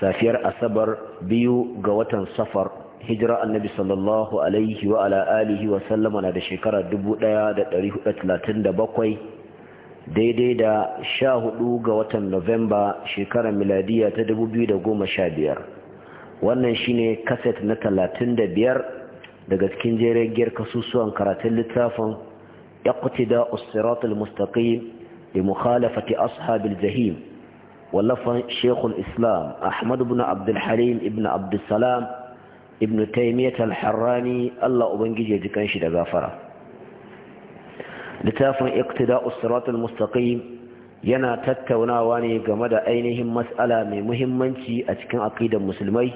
safiyar asabar biyu ga watan safar hijira annabi sallallahu alaihi wa ala alihi wa sallama na da shekara 1437 daidai da 14 ga watan novemba shekarar miladiya ta 2015 wannan shine kaset na 35 daga cikin jeragiyar kasusuwan karatun littafin iqtida da siratal mustaqim li mukhalafati ashabil jahim ولفن شيخ الإسلام أحمد بن عبد الحليم ابن عبد السلام ابن تيمية الحراني الله أبنجي جكنش دغافرة لتافن اقتداء الصراط المستقيم yana tattaunawa ne game da ainihin matsala mai muhimmanci a cikin aƙidar musulmai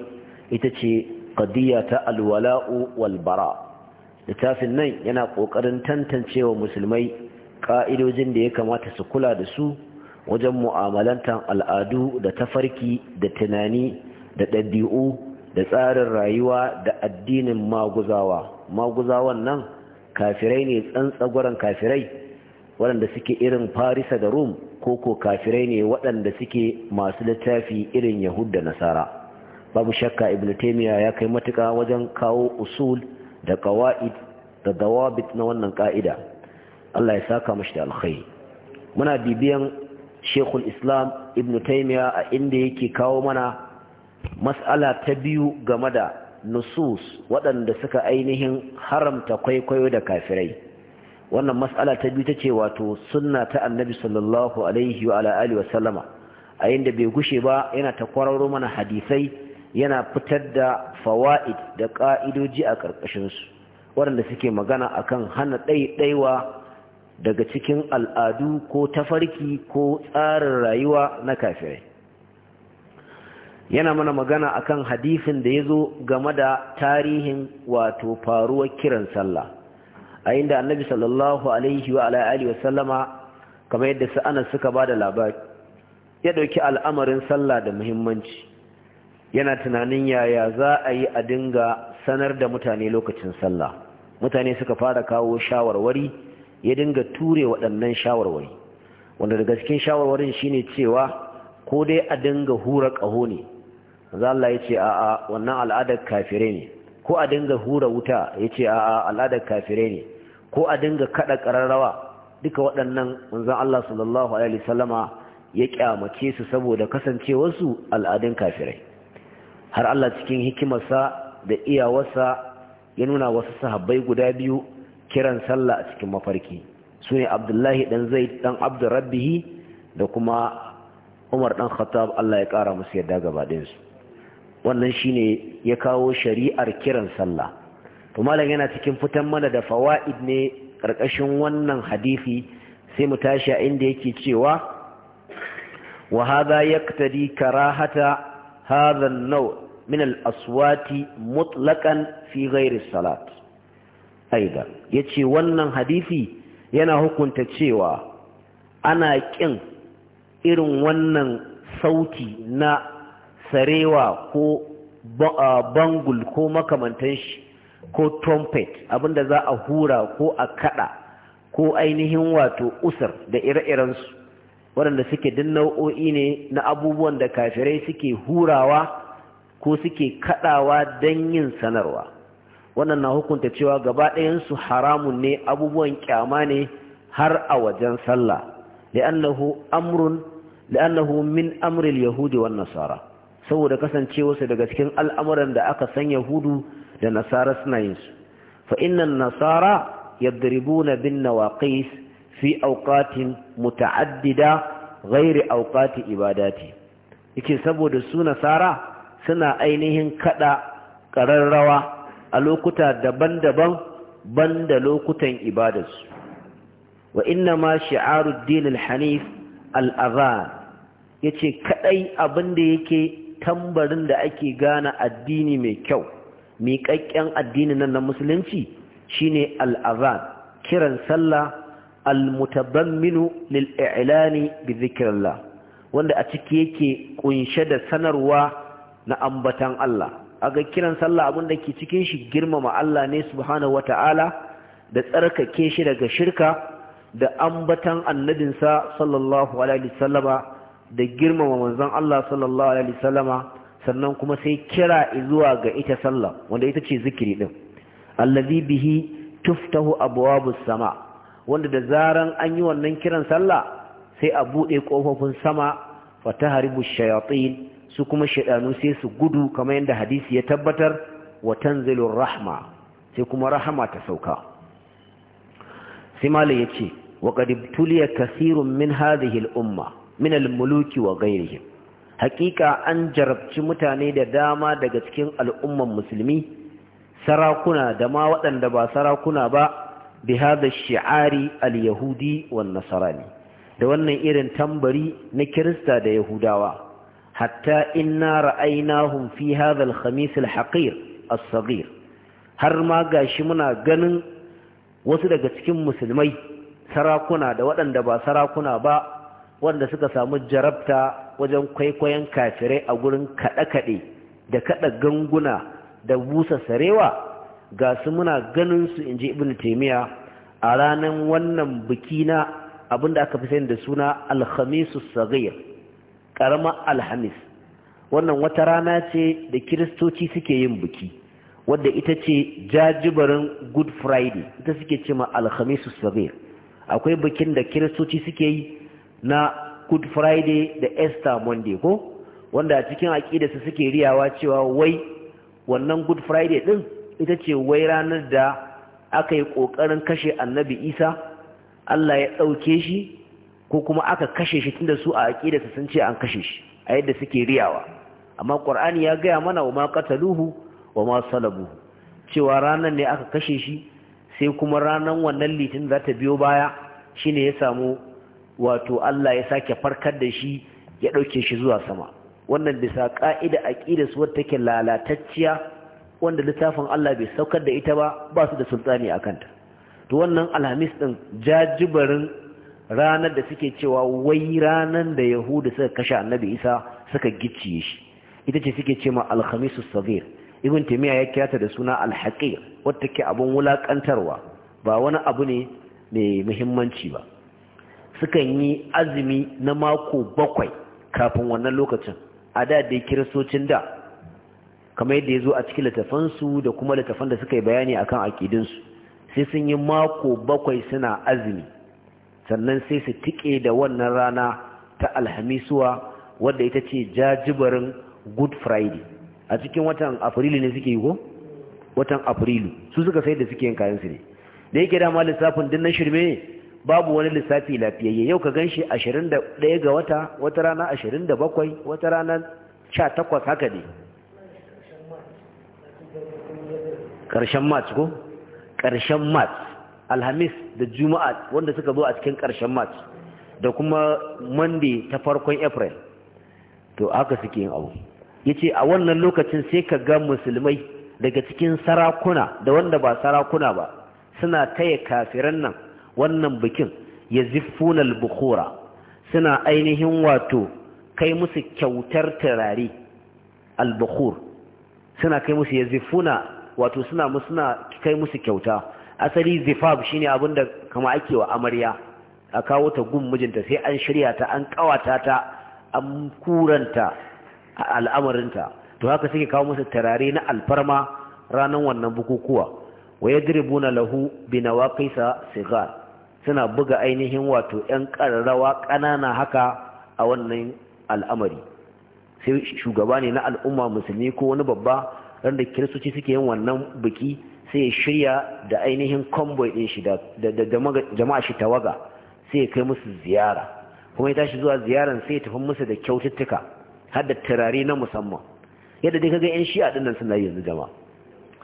ita ce qadiyya ta alwala'u walbara littafin nan yana ƙoƙarin tantancewa musulmai ƙa'idojin da ya kamata su kula da su wajen mu'amalantar al'adu da tafarki da tunani da ɗabi'u da tsarin rayuwa da addinin maguzawa maguzawan nan kafirai ne tsantsagoran kafirai waɗanda suke irin farisa da rum ko ko kafirai ne waɗanda suke masu littafi irin yahud da nasara babu shakka ibn taimiyya ya kai matuka wajen kawo usul da kawa'id da dawabit na wannan ka'ida Allah ya saka mashi da alkhai. muna bibiyan shekul islam ibn taimiya a inda yake kawo mana matsala ta biyu game da nusus waɗanda suka ainihin haramta kwaikwayo da kafirai wannan matsala ta biyu ta ce wato sunna ta annabi sallallahu alaihi wa a inda bai gushe ba yana ta kwararo mana hadisai yana fitar da fawa'id da ka'idoji a ƙarƙashinsu waɗanda suke magana akan hana ɗaiɗaiwa daga cikin al'adu ko tafarki ko tsarin rayuwa na kafirai yana mana magana akan hadifin da ya zo game da tarihin wato faruwar kiran sallah a inda annabi sallallahu alaihi wa alaihi wa kamar yadda sa'anar suka ba da labari ya ɗauki al'amarin sallah da muhimmanci yana tunanin yaya za a yi a dinga sanar da mutane lokacin sallah mutane suka fara kawo shawarwari ya dinga ture waɗannan shawarwari wanda daga cikin shawarwarin shine cewa ko dai a dinga hura ƙaho ne za Allah ya ce a'a wannan al'adar kafire ne ko a dinga hura wuta ya ce a'a al'adar kafire ne ko a dinga kaɗa ƙararrawa duka waɗannan manzon Allah sallallahu alaihi wasallama ya kyamace su saboda kasancewarsu al'adun kafirai har Allah cikin hikimarsa da iyawarsa ya nuna wasu sahabbai guda biyu kiran sallah a cikin mafarki su ne abdullahi ɗan zai ɗan abdurrabbihi da kuma umar ɗan khattab Allah ya ƙara musu yadda ɗinsu wannan shi ne ya kawo shari'ar kiran sallah to malam yana cikin fitan mana da fawa'id ne ƙarƙashin wannan hadisi sai mu tashi a inda yake cewa wa hadha yaqtadi karahata hadha an-naw min al-aswati mutlaqan fi ghairi as-salat aidan ya ce wannan hadisi yana hukunta cewa ana ƙin irin wannan sauti na sarewa ko bangul ko makamantan shi ko trumpet abinda za a hura ko a kada ko ainihin wato usar da ire-irensu waɗanda suke din nau'o'i ne na abubuwan da kafirai suke hurawa ko suke kadawa don yin sanarwa wannan na hukunta cewa gaba ɗayansu haramun ne abubuwan kyama ne har a wajen sallah li'annahu amrun li'annahu min amril yahudi wan nasara saboda kasancewarsa daga cikin al'amuran da aka san yahudu da nasara suna yin su fa innan nasara yadribuna bin nawaqis fi awqatin muta'addida ghairi awqati ibadati yake saboda su nasara suna ainihin kada ƙararrawa a lokuta daban-daban banda lokutan ibadarsu wa inna ma shi'aruddin al-hanif al-azan kaɗai kadai da yake tambarin da ake gane addini mai kyau miƙaƙƙen addini nan na musulunci shine al-azan kiran sallah al-mutabamminu lil-i'lani bi dhikrillah wanda a ciki yake kunshe da sanarwa na ambatan Allah A ga kiran sallah abin da ke cikin shi girmama Allah ne subhanahu wata'ala da tsarkake shi daga shirka da ambatan annabinsa sallallahu alaihi wasallama da girmama manzon Allah sallallahu alaihi wasallama sannan kuma sai kira zuwa ga ita sallah wanda ita ce zikiri din allazi bihi tuftahu abwabus sama wanda da zaran an yi wannan kiran sallah sai a bude kofofin sama fataharibu shayatin su kuma shaɗanu sai su gudu kamar yadda hadisi ya tabbatar wa tanzilur rahma sai kuma rahama ta sauka sai ya ce wa qad kasirun kaseerun min hadhihi umma min al-muluki wa gairihi haqiqa an jarabci mutane da dama daga cikin al'umman musulmi sarakuna da ma waɗanda ba sarakuna ba bi hadha shi'ari al-yahudi wa nasarani da wannan irin tambari na kirista da yahudawa hatta inna ra'aynahum na hadha al-khamis al saghir har ma gashi muna ganin wasu daga cikin musulmai sarakuna da waɗanda ba sarakuna ba wanda suka samu jarabta wajen kwaikwayon kafirai a gurin kaɗe-kaɗe da kaɗa ganguna da busa sarewa ga su muna ganin su ji ibn taimiya a ranar wannan biki na abinda aka fi sani da suna alhamisu sagir karama alhamis wannan wata rana ce da kiristoci suke yin biki wadda ita ce jajibarin good friday ita suke ce ma alhamisu sabir akwai bikin da kiristoci suke yi na good friday da easter monday ko wanda a cikin aƙidarsu suke riyawa cewa wai wannan good friday din ita ce wai ranar da aka yi ƙoƙarin kashe annabi isa allah ya ɗauke shi ko kuma aka kashe shi tunda su a su sun ce an kashe shi a yadda suke riyawa amma qur'ani ya gaya mana wa ma qataluhu wa ma salabuhu cewa ranan ne aka kashe shi sai kuma ranan wannan litin za ta biyo baya shine ya samu wato Allah ya sake farkar da shi ya dauke shi zuwa sama wannan bisa ka'ida su wata take lalatacciya wanda littafin Allah bai saukar da ita ba ba su da sultani akanta to wannan alhamis din jajibarin ranar da suke cewa wai ranar da yahudu suka kashe annabi isa suka gicciye shi ita ce suke cewa ma alhamisu sabir ibn ya kira ta da suna alhaqir wata ke abun wulakantarwa ba wani abu ne mai muhimmanci ba sukan yi azumi na mako bakwai kafin wannan lokacin a da dai kiristocin da kamar yadda ya zo a cikin littafansu da kuma littafan da suka yi bayani akan aƙidinsu sai sun yi mako bakwai suna azumi sannan sai su tike da wannan rana ta alhamisuwa wadda ita ce jajibarin good friday a cikin watan afrilu ne suke yi ko watan afrilu su suka sai da suke yin kayan su ne da yake dama lissafin din na shirme ne babu wani lissafi lafiyayye yau ka gan shi ashirin da ɗaya ga wata wata rana ashirin da bakwai wata rana sha takwas haka ne ƙarshen mat ko ƙarshen mat alhamis da juma'a wanda suka zo a cikin ƙarshen march da kuma Mande ta farkon april to haka suke yin abu ya ce a wannan lokacin sai ka ga musulmai daga cikin sarakuna da wanda ba sarakuna ba suna taya kafiran nan wannan bikin ya bukhura suna ainihin wato kai musu kyautar turare al-bukhur suna kai musu ya wato suna kai musu kyauta asali zifab shine abin da kama ake wa amarya a kawo ta gun mijinta sai an shirya ta an kawata ta an kuranta al'amarinta to haka suke kawo masa tarare na alfarma ranar wannan bukukuwa wa yadribuna lahu binawaqisa sigar suna buga ainihin wato yan kararrawa kanana haka a wannan al'amari sai shugaba ne na al'umma musulmi ko wani babba randa kiristoci suke yin wannan biki sai shirya da ainihin kwamboi ɗin shi da jama'a shi tawaga sai ya kai musu ziyara kuma ya tashi zuwa ziyaran sai tafi musu da kyaututtuka har da turare na musamman yadda dai kaga yan shi'a dinnan suna yanzu jama'a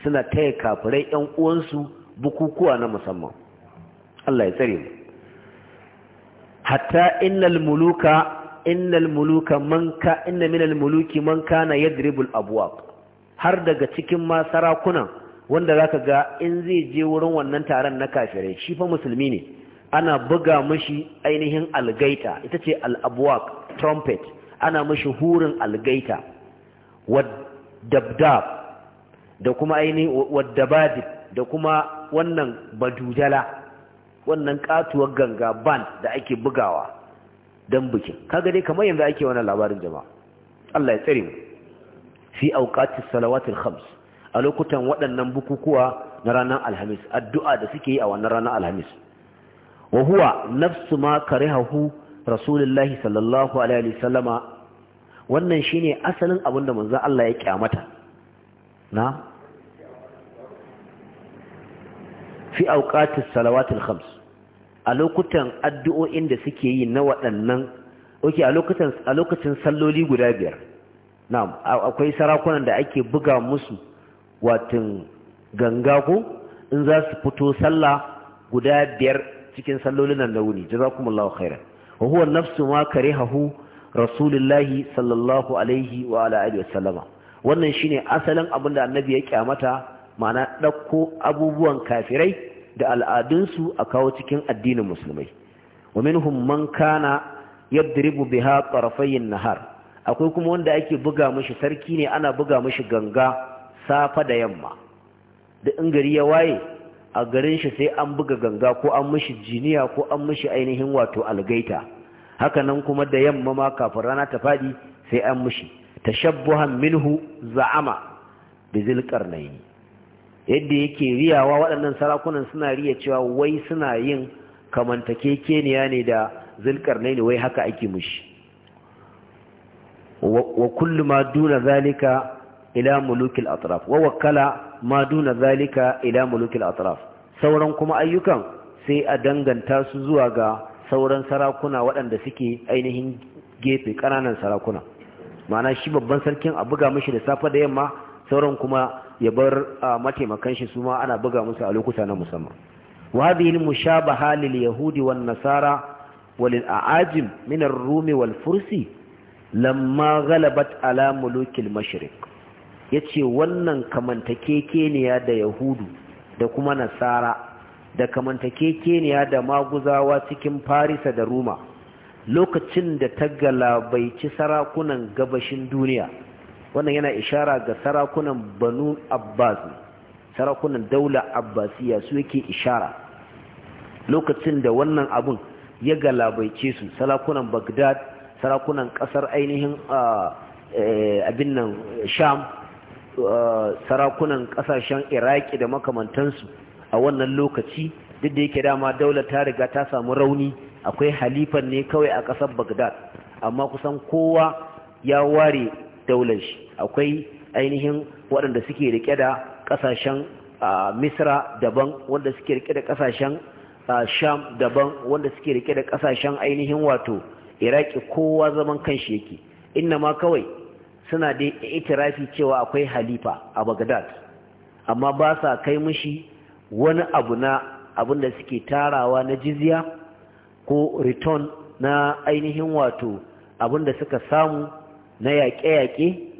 suna taya kafirai yan uwansu bukukuwa na musamman Allah ya tsare mu hatta innal muluka innal muluka man ka inna minal muluki man kana yadribul abwab har daga cikin ma sarakunan wanda zaka ga in zai je wurin wannan taron na kafirai shi fa musulmi ne ana buga mashi ainihin algaita ita ce al'abuwak trumpet ana mashi hurin algaita wadabdab da kuma ainihin wadabadib da kuma wannan badujala wannan katuwar ganga band da ake bugawa don bikin kaga dai kamar yanzu ake wannan labarin jama'a Allah ya tsare mu fi auqatis salawatil khams a lokutan waɗannan bukukuwa na ranar alhamis addu'a da suke yi a wannan ranar alhamis wa huwa nafsu ma karihahu rasulullahi sallallahu alaihi sallama wannan shine asalin abin da manzon Allah ya kyamata na fi auqatis salawatil khams a lokutan addu'o'in da suke yi na waɗannan oke a lokutan a lokacin salloli guda biyar na'am akwai sarakunan da ake buga musu Watin ganga ko in za su fito sallah guda biyar cikin sallolin nan wuni jazakumullahu khairan wa huwa nafsu ma karihahu rasulullahi sallallahu alaihi wa ala alihi wasallama wannan shine asalin abin annabi ya kyamata ma'ana ɗakko abubuwan kafirai da al'adunsu a kawo cikin addinin musulmai wa minhum man kana yadribu biha tarafayn nahar akwai kuma wanda ake buga mishi sarki ne ana buga mishi ganga safa da yamma da in gari ya waye a garin shi sai an buga ganga ko an mishi jiniya ko an mishi ainihin wato algaita haka nan kuma da yamma ma kafin rana ta fadi sai an mishi tashabbuhan minhu za'ama bi zilqarnayn yadda yake riyawa waɗannan sarakunan suna riya cewa wai suna yin kamantakekeniya ne da zilqarnayn wai haka ake mishi wa kullu ma duna zalika ila mulukil atraf wa wakkala ma duna zalika ila mulukil atraf sauran kuma ayyukan sai a danganta su zuwa ga sauran sarakuna waɗanda suke ainihin gefe ƙananan sarakuna mana shi babban sarkin a buga mashi da safe da yamma sauran kuma ya bar mataimakan shi su ma ana buga musu a lokuta na musamman wa hadhihi mushabaha lil yahudi wan nasara wal a'ajim min ar-rumi wal fursi lamma ghalabat ala muluki al-mashriq ya ce wannan ya da yahudu da kuma nasara da kamantakekeniya da maguzawa cikin farisa da ruma lokacin da ta galabaici sarakunan gabashin duniya wannan yana ishara ga sarakunan banu abbas sarakunan daula abbasiya su yake ishara lokacin da wannan abun ya galabaice su sarakunan bagdad sarakunan kasar ainihin ah, eh, abin nan sham sarakunan kasashen iraki da makamantansu a wannan lokaci duk da yake dama daular ta riga ta samu rauni akwai halifan ne kawai a ƙasar bagdad amma kusan kowa ya ware daular shi akwai ainihin waɗanda suke rike da ƙasashen misra daban wanda suke rike da ƙasashen sham daban wanda suke rike da ƙasashen ainihin wato iraki kowa zaman kan kanshi yake inna ma kawai suna dai itirafi cewa akwai halifa a Baghdad amma ba sa kai mishi wani abu na abin da suke tarawa na jizya ko return na ainihin wato abin da suka samu na yaƙe-yaƙe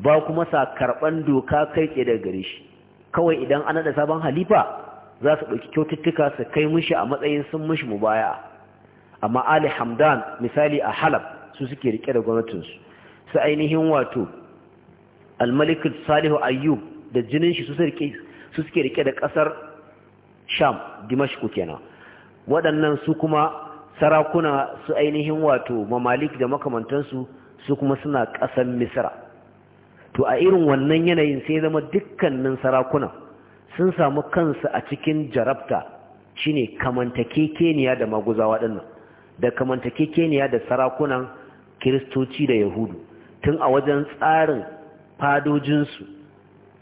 ba kuma sa karɓan doka kai ke da gare shi kawai idan an da sabon halifa za su ɗauki kyaututtuka su kai mushi a matsayin sun mushi mu baya, amma Ali Hamdan misali a Halab su suke rike da gwamnatinsu su ainihin wato almalikul salihu ayyub da jinin shi su suke rike da kasar sham dimashku kenan waɗannan su kuma sarakuna su ainihin wato mamalik da makamantansu su kuma suna ƙasar misra to a irin wannan yanayin sai zama dukkanin sarakuna sun samu kansu a cikin jarabta shine kamantake keniya da maguza waɗannan da kamantake keniya da sarakunan kiristoci da yahudu tun a wajen tsarin fadojinsu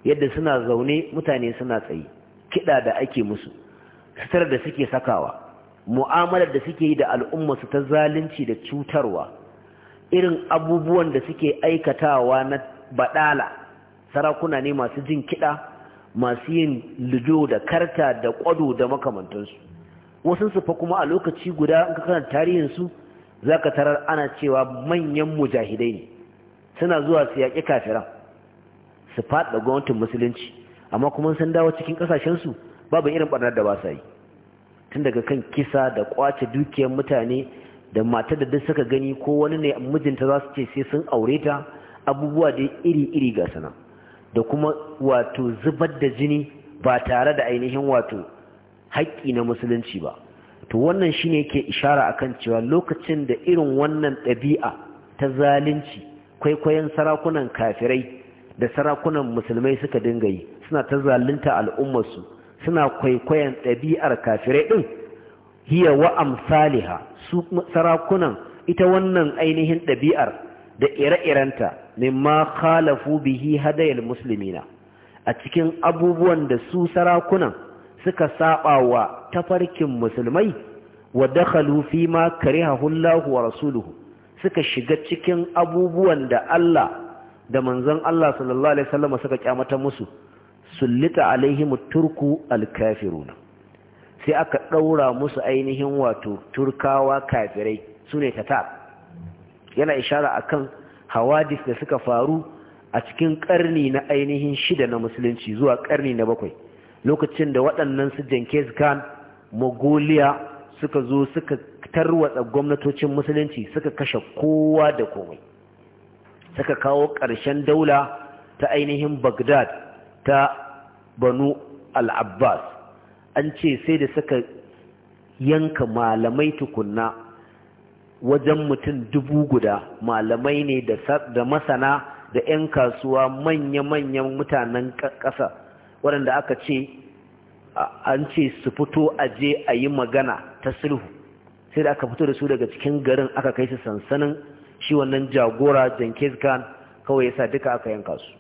yadda suna zaune mutane suna tsaye kiɗa da ake musu sitar da suke sakawa mu'amalar da suke yi da al'ummasu ta zalunci da cutarwa irin abubuwan da suke aikatawa na baɗala sarakuna ne masu jin kiɗa masu yin lido da karta da ƙwado da makamantansu wasu fa kuma a lokaci guda in ka karanta tarihinsu za ka tarar ana cewa manyan mujahidai ne suna zuwa su yaƙi kafira su faɗa gwamnatin musulunci amma kuma sun dawo cikin ƙasashensu babu irin ɓarnar da ba sa yi tun daga kan kisa da ƙwace dukiyar mutane da matar da duk suka gani ko wani ne mijinta za su ce sai sun aure ta abubuwa da iri-iri ga sana da kuma wato zubar da jini ba tare da ainihin wato haƙƙi na musulunci ba to wannan shine ke ishara akan cewa lokacin da irin wannan ɗabi'a ta zalunci kwaikwayon sarakunan kafirai da sarakunan musulmai suka dinga yi suna ta zalunta al'ummarsu suna kwaikwayon ɗabi'ar kafirai ɗin hiya wa amsaliha su sarakunan ita wannan ainihin ɗabi'ar da ire-irenta mimma khalafu bihi hadayal muslimina a cikin abubuwan da su sarakunan suka saba wa tafarkin musulmai wa dakhalu fi ma karihahu Allah wa rasuluhu suka shiga cikin abubuwan da Allah da manzon Allah sallallahu alaihi wasallam suka kyamata musu sullita alaihi turku alkafiruna sai aka daura musu ainihin wato turkawa kafirai sune tata yana ishara akan hawadis da suka faru a cikin karni na ainihin shida na musulunci zuwa karni na bakwai lokacin da waɗannan su Jenkins Khan Mongolia suka zo suka tarwatsa gwamnatocin musulunci suka kashe kowa da komai suka kawo ƙarshen daula ta ainihin Bagdad ta Banu al-Abbas an ce sai da suka yanka malamai tukunna wajen mutum dubu guda malamai ne da masana da 'yan kasuwa manya-manyan mutanen ƙasa waɗanda aka ce an ce su fito aje a yi magana ta sulhu sai da aka fito da su daga cikin garin aka kai su sansanin shi wannan jagora Jenkins Khan kawai ya sa duka aka yanka su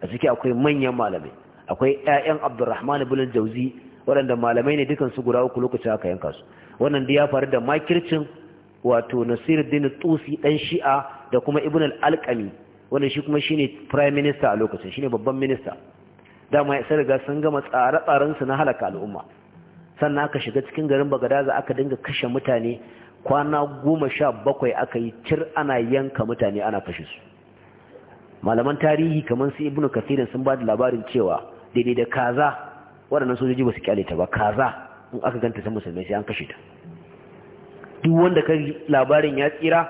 a ciki akwai manyan malamai akwai 'ya'yan Abdulrahman ibn Jauzi waɗanda malamai ne dukan su guda uku lokacin aka yanka su wannan da ya faru da makircin wato Nasiruddin Tusi dan Shi'a da kuma Ibn al-Alqami wanda shi kuma shine prime minister a lokacin shine babban minister dama ya riga sun gama tsare-tsaren na halaka al'umma sannan aka shiga cikin garin bagadaza aka dinga kashe mutane kwana goma sha bakwai aka yi cir ana yanka mutane ana kashe su malaman tarihi kamar su ibnu kasirin sun ba da labarin cewa daidai da kaza waɗannan sojoji ba su kyale ta ba kaza in aka ganta ta musulmai sai an kashe ta duk wanda ka labarin ya tsira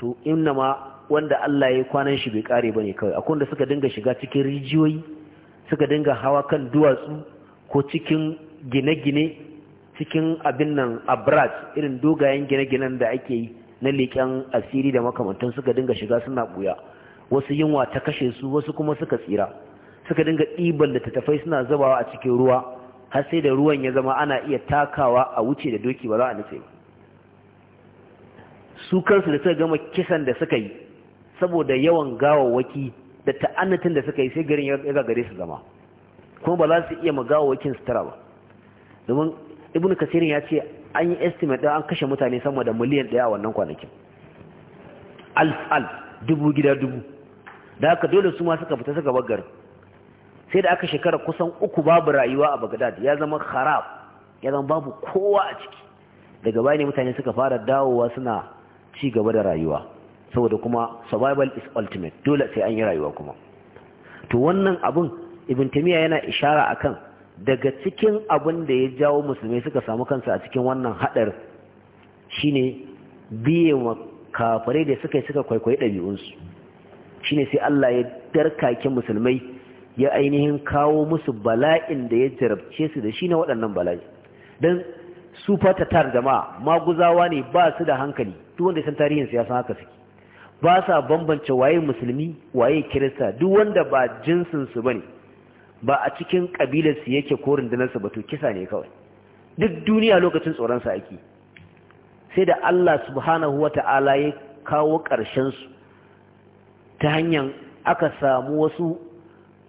to inna ma wanda Allah ya kwanan shi bai kare bane kawai akwai wanda suka dinga shiga cikin rijiyoyi suka dinga hawa kan duwatsu ko cikin gine-gine cikin abin nan abrat irin dogayen gine-ginen da ake yi na leƙen asiri da makamantan suka dinga shiga suna buya wasu yunwa ta kashe su wasu kuma suka tsira suka dinga ɗiban da tattafai suna zabawa a cikin ruwa har sai da ruwan ya zama ana iya takawa a wuce da doki ba za a nufe su kansu da suka gama kisan da suka yi saboda yawan gawawwaki da ta'annatin da suka yi sai garin ya gagare su zama kuma ba za su iya ma gawawwakin sutura ba domin ibnu kasirin ya ce an yi estimate an kashe mutane sama da miliyan ɗaya wannan kwanakin alf alf dubu gida dubu da haka dole su ma suka fita suka bar garin sai da aka shekara kusan uku babu rayuwa a Bagdad ya zama kharab ya zama babu kowa a ciki daga baya ne mutane suka fara dawowa suna ci gaba da rayuwa saboda kuma survival is ultimate dole sai an yi rayuwa kuma to wannan abun ibn tamiya yana ishara akan daga cikin abin da ya jawo musulmi suka samu kansu a cikin wannan shi shine biye wa kafirai da suka yi suka kwaikwayi ɗabi'unsu shine sai Allah ya darkake musulmai ya ainihin kawo musu bala'in da ya jarabce su da shi na waɗannan bala'i don su fatatar jama'a maguzawa ne ba su da hankali duk wanda san tarihin su ya san haka suke ba sa bambance waye musulmi waye kirista duk wanda ba jinsin su bane ba a cikin ƙabilarsu yake ko rundunarsa ba to kisa ne kawai duk duniya lokacin tsoronsa ake sai da Allah subhanahu wa ta'ala ya kawo ƙarshen su ta hanyar aka samu wasu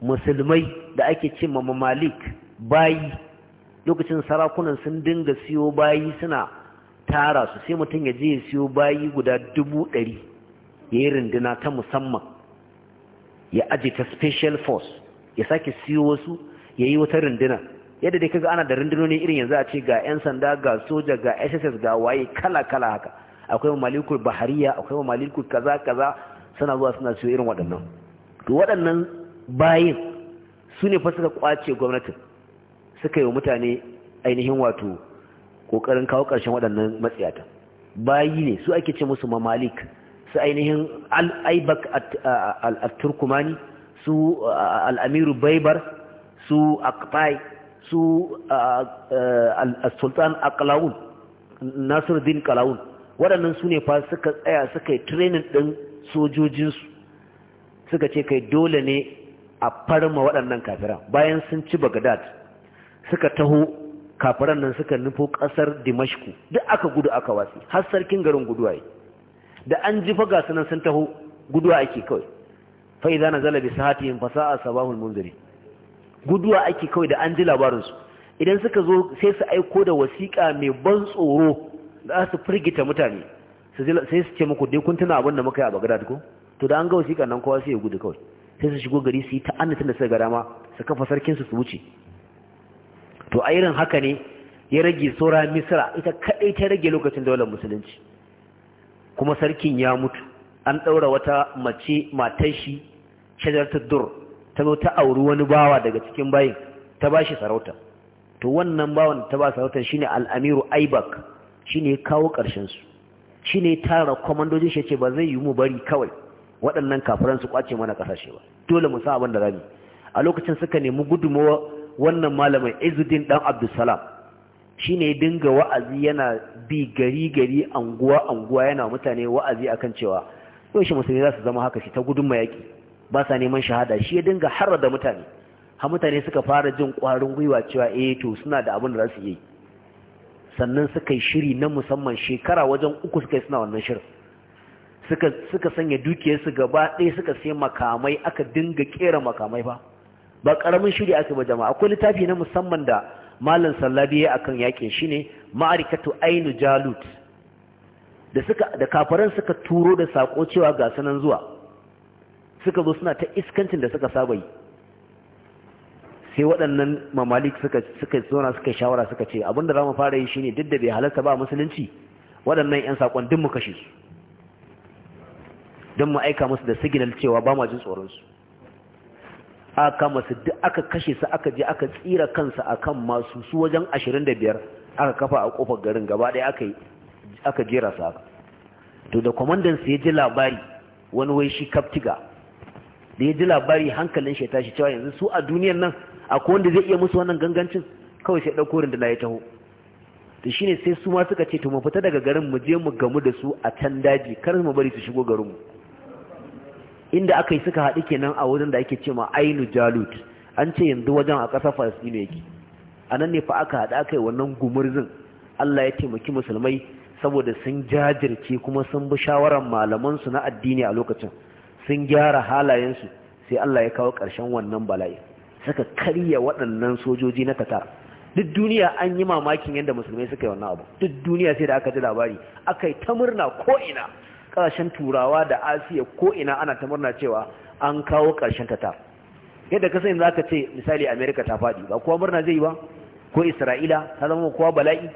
musulmai da ake ce ma malik bayi lokacin sarakunan sun dinga siyo bayi suna tara su sai mutum ya je ya siyo bayi guda dubu ɗari ya yi runduna ta musamman ya aji ta special force ya sake siyo wasu ya yi wata runduna yadda dai kaga ana da rundunoni irin yanzu a ce ga 'yan sanda ga soja ga sss ga waye kala-kala haka akwai mamalikul bahariya akwai mamalikul kaza-kaza suna zuwa suna siyo irin waɗannan to waɗannan bayin su ne fa suka kwace gwamnatin suka yi wa mutane ainihin wato ƙoƙarin kawo ƙarshen waɗannan matsiyata bayi ne su ake ce musu mamalik su ainihin al'aibak al-turkumani al turkumani su al'amiru baibar su akpai su sultan akalawun nasiruddin kalawun waɗannan su ne fa suka tsaya suka yi trenin ɗin sojojinsu suka ce kai dole ne a farma waɗannan kafira bayan sun ci bagadad suka taho kafiran nan suka nufo ƙasar dimashku duk aka gudu aka watsi har sarkin garin guduwa da an ji faga sunan sun taho guduwa ake kawai fa idza nazala bi sahatihim fa sa'a sabahul munziri guduwa ake kawai da an ji labarin su idan suka zo sai su aiko da wasiƙa mai ban tsoro da su firgita mutane sai su ce muku dai kun tuna abin da muka yi a Baghdad ko to da an ga wasiƙa nan kowa sai ya gudu kawai sai su shigo gari su yi ta'annatin da suka ga dama su kafa sarkin su su wuce to a irin haka ne ya rage saura misra ita kadai ta rage lokacin daular musulunci kuma sarkin ya mutu an daura wata mace matar shi ta dur ta zo ta auri wani bawa daga cikin bayin ta ba shi sarauta to wannan bawan ta ba sarautar shine al'amiru aibak shine ya kawo ƙarshensu shine tara kwamandojin shi ce ba zai yi mu bari kawai waɗannan kafiran su kwace mana ƙasashe ba dole mu sa abin da rami a lokacin suka nemi gudunmawa wannan malamin Izudin dan Abdulsalam shine ya dinga wa'azi yana bi gari gari anguwa anguwa yana mutane wa'azi akan cewa yau shi musulmi za su zama haka shi ta gudun mayaki ba sa neman shahada shi ya dinga har da mutane ha mutane suka fara jin ƙwarin gwiwa cewa eh to suna da abin da za su yi sannan suka yi shiri na musamman shekara wajen uku suka yi suna wannan shirin suka suka sanya dukiyarsu gaba ɗaya suka sai makamai aka dinga kera makamai ba ba ƙaramin shiri aka ba jama'a akwai littafi na musamman da malam sallabi ya akan yakin shine ma'arikatu ainu jalut da suka da kafaran suka turo da sako cewa ga sanan zuwa suka zo suna ta iskancin da suka saba yi sai waɗannan mamalik suka suka zona suka shawara suka ce abinda za mu fara yi shine duk da bai halarta ba musulunci waɗannan 'yan saƙon duk mu kashe su don mu aika musu da siginal cewa ba ma jin tsoronsu aka masu su duk aka kashe su aka je aka tsira kansa akan masu su wajen 25 aka kafa a kofar garin gaba ɗaya aka aka jera su haka to da su ya ji labari wani wai shi kaftiga da ya ji labari hankalin shi ya tashi cewa yanzu su a duniyar nan akwai wanda zai iya musu wannan gangancin kawai sai ɗauko na ya taho to shine sai su ma suka ce to mu fita daga garin mu je mu gamu da su a can daji kar mu bari su shigo garin mu inda aka yi suka haɗu kenan a wurin da ake ce ma ainu jalut an ce yanzu wajen a ƙasar falasɗinu yake a nan ne fa aka haɗu aka yi wannan gumurzin allah ya taimaki musulmai saboda sun jajirce kuma sun bi shawarar malamansu na addini a lokacin sun gyara halayensu sai Allah ya kawo ƙarshen wannan bala'i suka karya waɗannan sojoji na Qatar duk duniya an yi mamakin yadda musulmai suka yi wannan abu duk duniya sai da aka ji labari aka yi ta murna ko'ina ƙarshen turawa da asiya ko'ina ana ta murna cewa an kawo ƙarshen Qatar yadda ka sani zaka ce misali America ta faɗi ba kowa murna zai yi ba ko Isra'ila ta zama kowa bala'i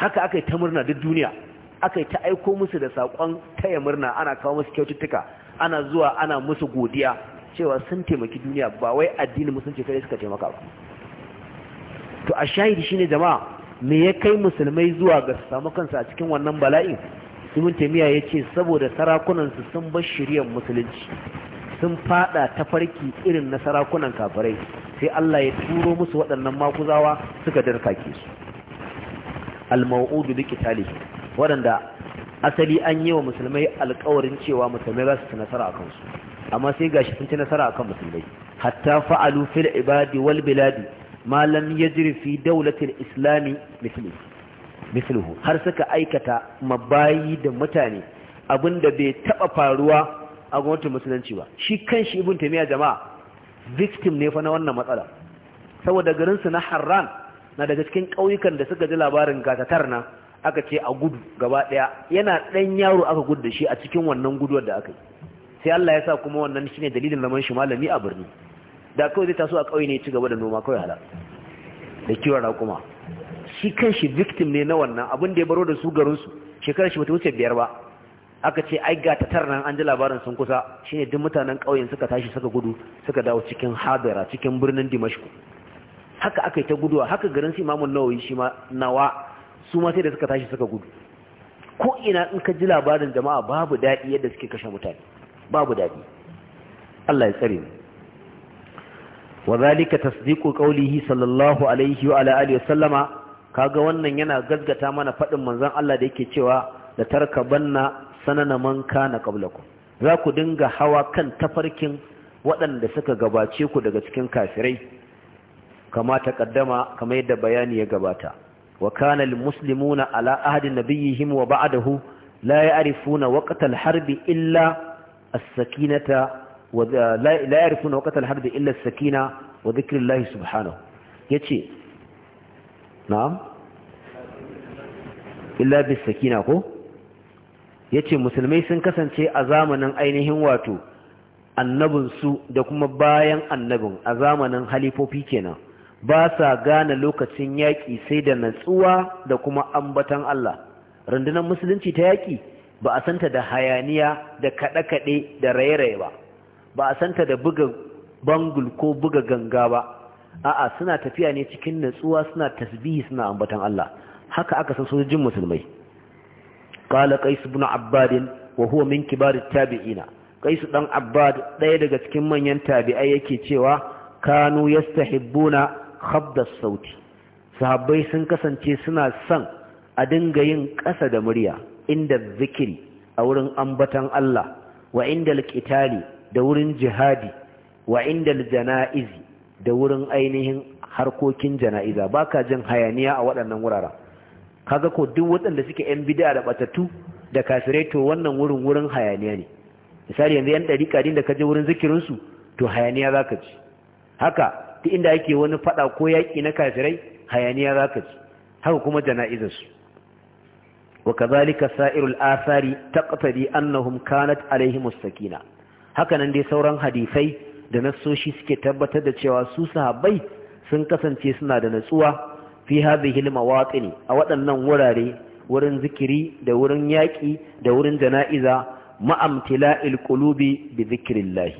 haka aka yi ta murna duk duniya aka yi ta aiko musu da saƙon taya murna ana kawo musu kyaututtuka ana zuwa ana musu godiya cewa sun taimaki duniya ba wai addinin musulunci kai suka taimaka ba to a shahidi shine jama'a me ya kai musulmai zuwa ga su samu kansu a cikin wannan bala'in ibn ya ce saboda sarakunan su sun bar shiriyar musulunci sun fada farki irin na sarakunan kafirai sai Allah ya turo musu waɗannan makuzawa suka darkake su al-maw'ud bi waɗanda asali an yi wa musulmai alkawarin cewa musulmai za su ci nasara a kansu amma sai gashi sun ci nasara a kan musulmai hatta fa'alu fil ibadi wal biladi ma lam yajri fi dawlatil islami mislihu har suka aikata mabayi da mutane abinda bai taba faruwa a gwamnatin musulunci ba shi kan kanshi ibn taymiya jama'a victim ne fa na wannan matsala saboda garin su na Harran na daga cikin ƙauyukan da suka ji labarin gatatar na aka ce a gudu gaba ɗaya yana ɗan yaro aka gudu da shi a cikin wannan guduwar da aka yi sai Allah ya sa kuma wannan shine dalilin zaman shi malami a birni da kawai zai taso a ƙauye ne ci gaba da noma kawai hala da kiwon raƙuma shi kanshi victim ne na wannan abin da ya baro da su garinsu shekarar shi bata wuce biyar ba aka ce ai ga tatar nan an ji labarin sun kusa shine duk mutanen ƙauyen suka tashi suka gudu suka dawo cikin hadara cikin birnin dimashku haka aka yi ta guduwa haka garin su imamun nawawi shi ma nawa su ma sai da suka tashi suka gudu ko ina in ka ji labarin jama'a babu daɗi yadda suke kashe mutane babu daɗi Allah ya tsare ni wa zalika tasdiqu qawlihi sallallahu alaihi wa alihi wa sallama kaga wannan yana gazgata mana fadin manzon Allah da yake cewa da tarkabanna sanana man kana qablakum za ku dinga hawa kan tafarkin waɗanda suka gabace ku daga cikin kafirai kama kaddama kamar yadda bayani ya gabata وكان المسلمون على عهد نبيهم وبعده لا يعرفون وقت الحرب إلا السكينة لا يعرفون وقت الحرب إلا السكينة وذكر الله سبحانه يتشي نعم إلا بالسكينة هو yace musulmai sun kasance a zamanin ainihin wato annabinsu da kuma bayan annabin a zamanin halifofi kenan ba sa gane lokacin yaƙi sai da natsuwa da kuma ambatan Allah rundunar musulunci ta yaƙi ba a santa da hayaniya da kaɗe-kaɗe da raye-raye ba ba a santa da buga bangul ko buga ganga ba a'a suna tafiya ne cikin natsuwa suna tasbihi suna ambatan Allah haka aka san sojojin musulmai qala qais ibn abbad wa huwa min kibar tabi'ina qais dan abbad ɗaya daga cikin manyan tabi'ai yake cewa kanu hibbuna. khabdas sauti sahabbai sun kasance suna son a dinga yin ƙasa da murya inda zikiri a wurin ambatan Allah wa inda alƙitali da wurin jihadi wa inda jana'izi da wurin ainihin harkokin jana'iza baka jin hayaniya a waɗannan wuraren kaga ko duk waɗanda suke yan bid'a da ɓatattu da kafirai to wannan wurin wurin hayaniya ne misali yanzu yan ɗariƙa din da ka je wurin zikirinsu to hayaniya za ka ji haka duk inda yake wani fada ko yaƙi na kafirai hayaniya ka ci haka kuma jana'izar su wa kazalika sa'irul athari taqtadi annahum kanat alaihim sakina haka nan dai sauran hadisai da nasoshi suke tabbatar da cewa su sahabbai sun kasance suna da natsuwa fi hadhihi al-mawaqini a waɗannan wurare wurin zikiri da wurin yaƙi da wurin jana'iza ma'amtila'il qulubi bi zikrillah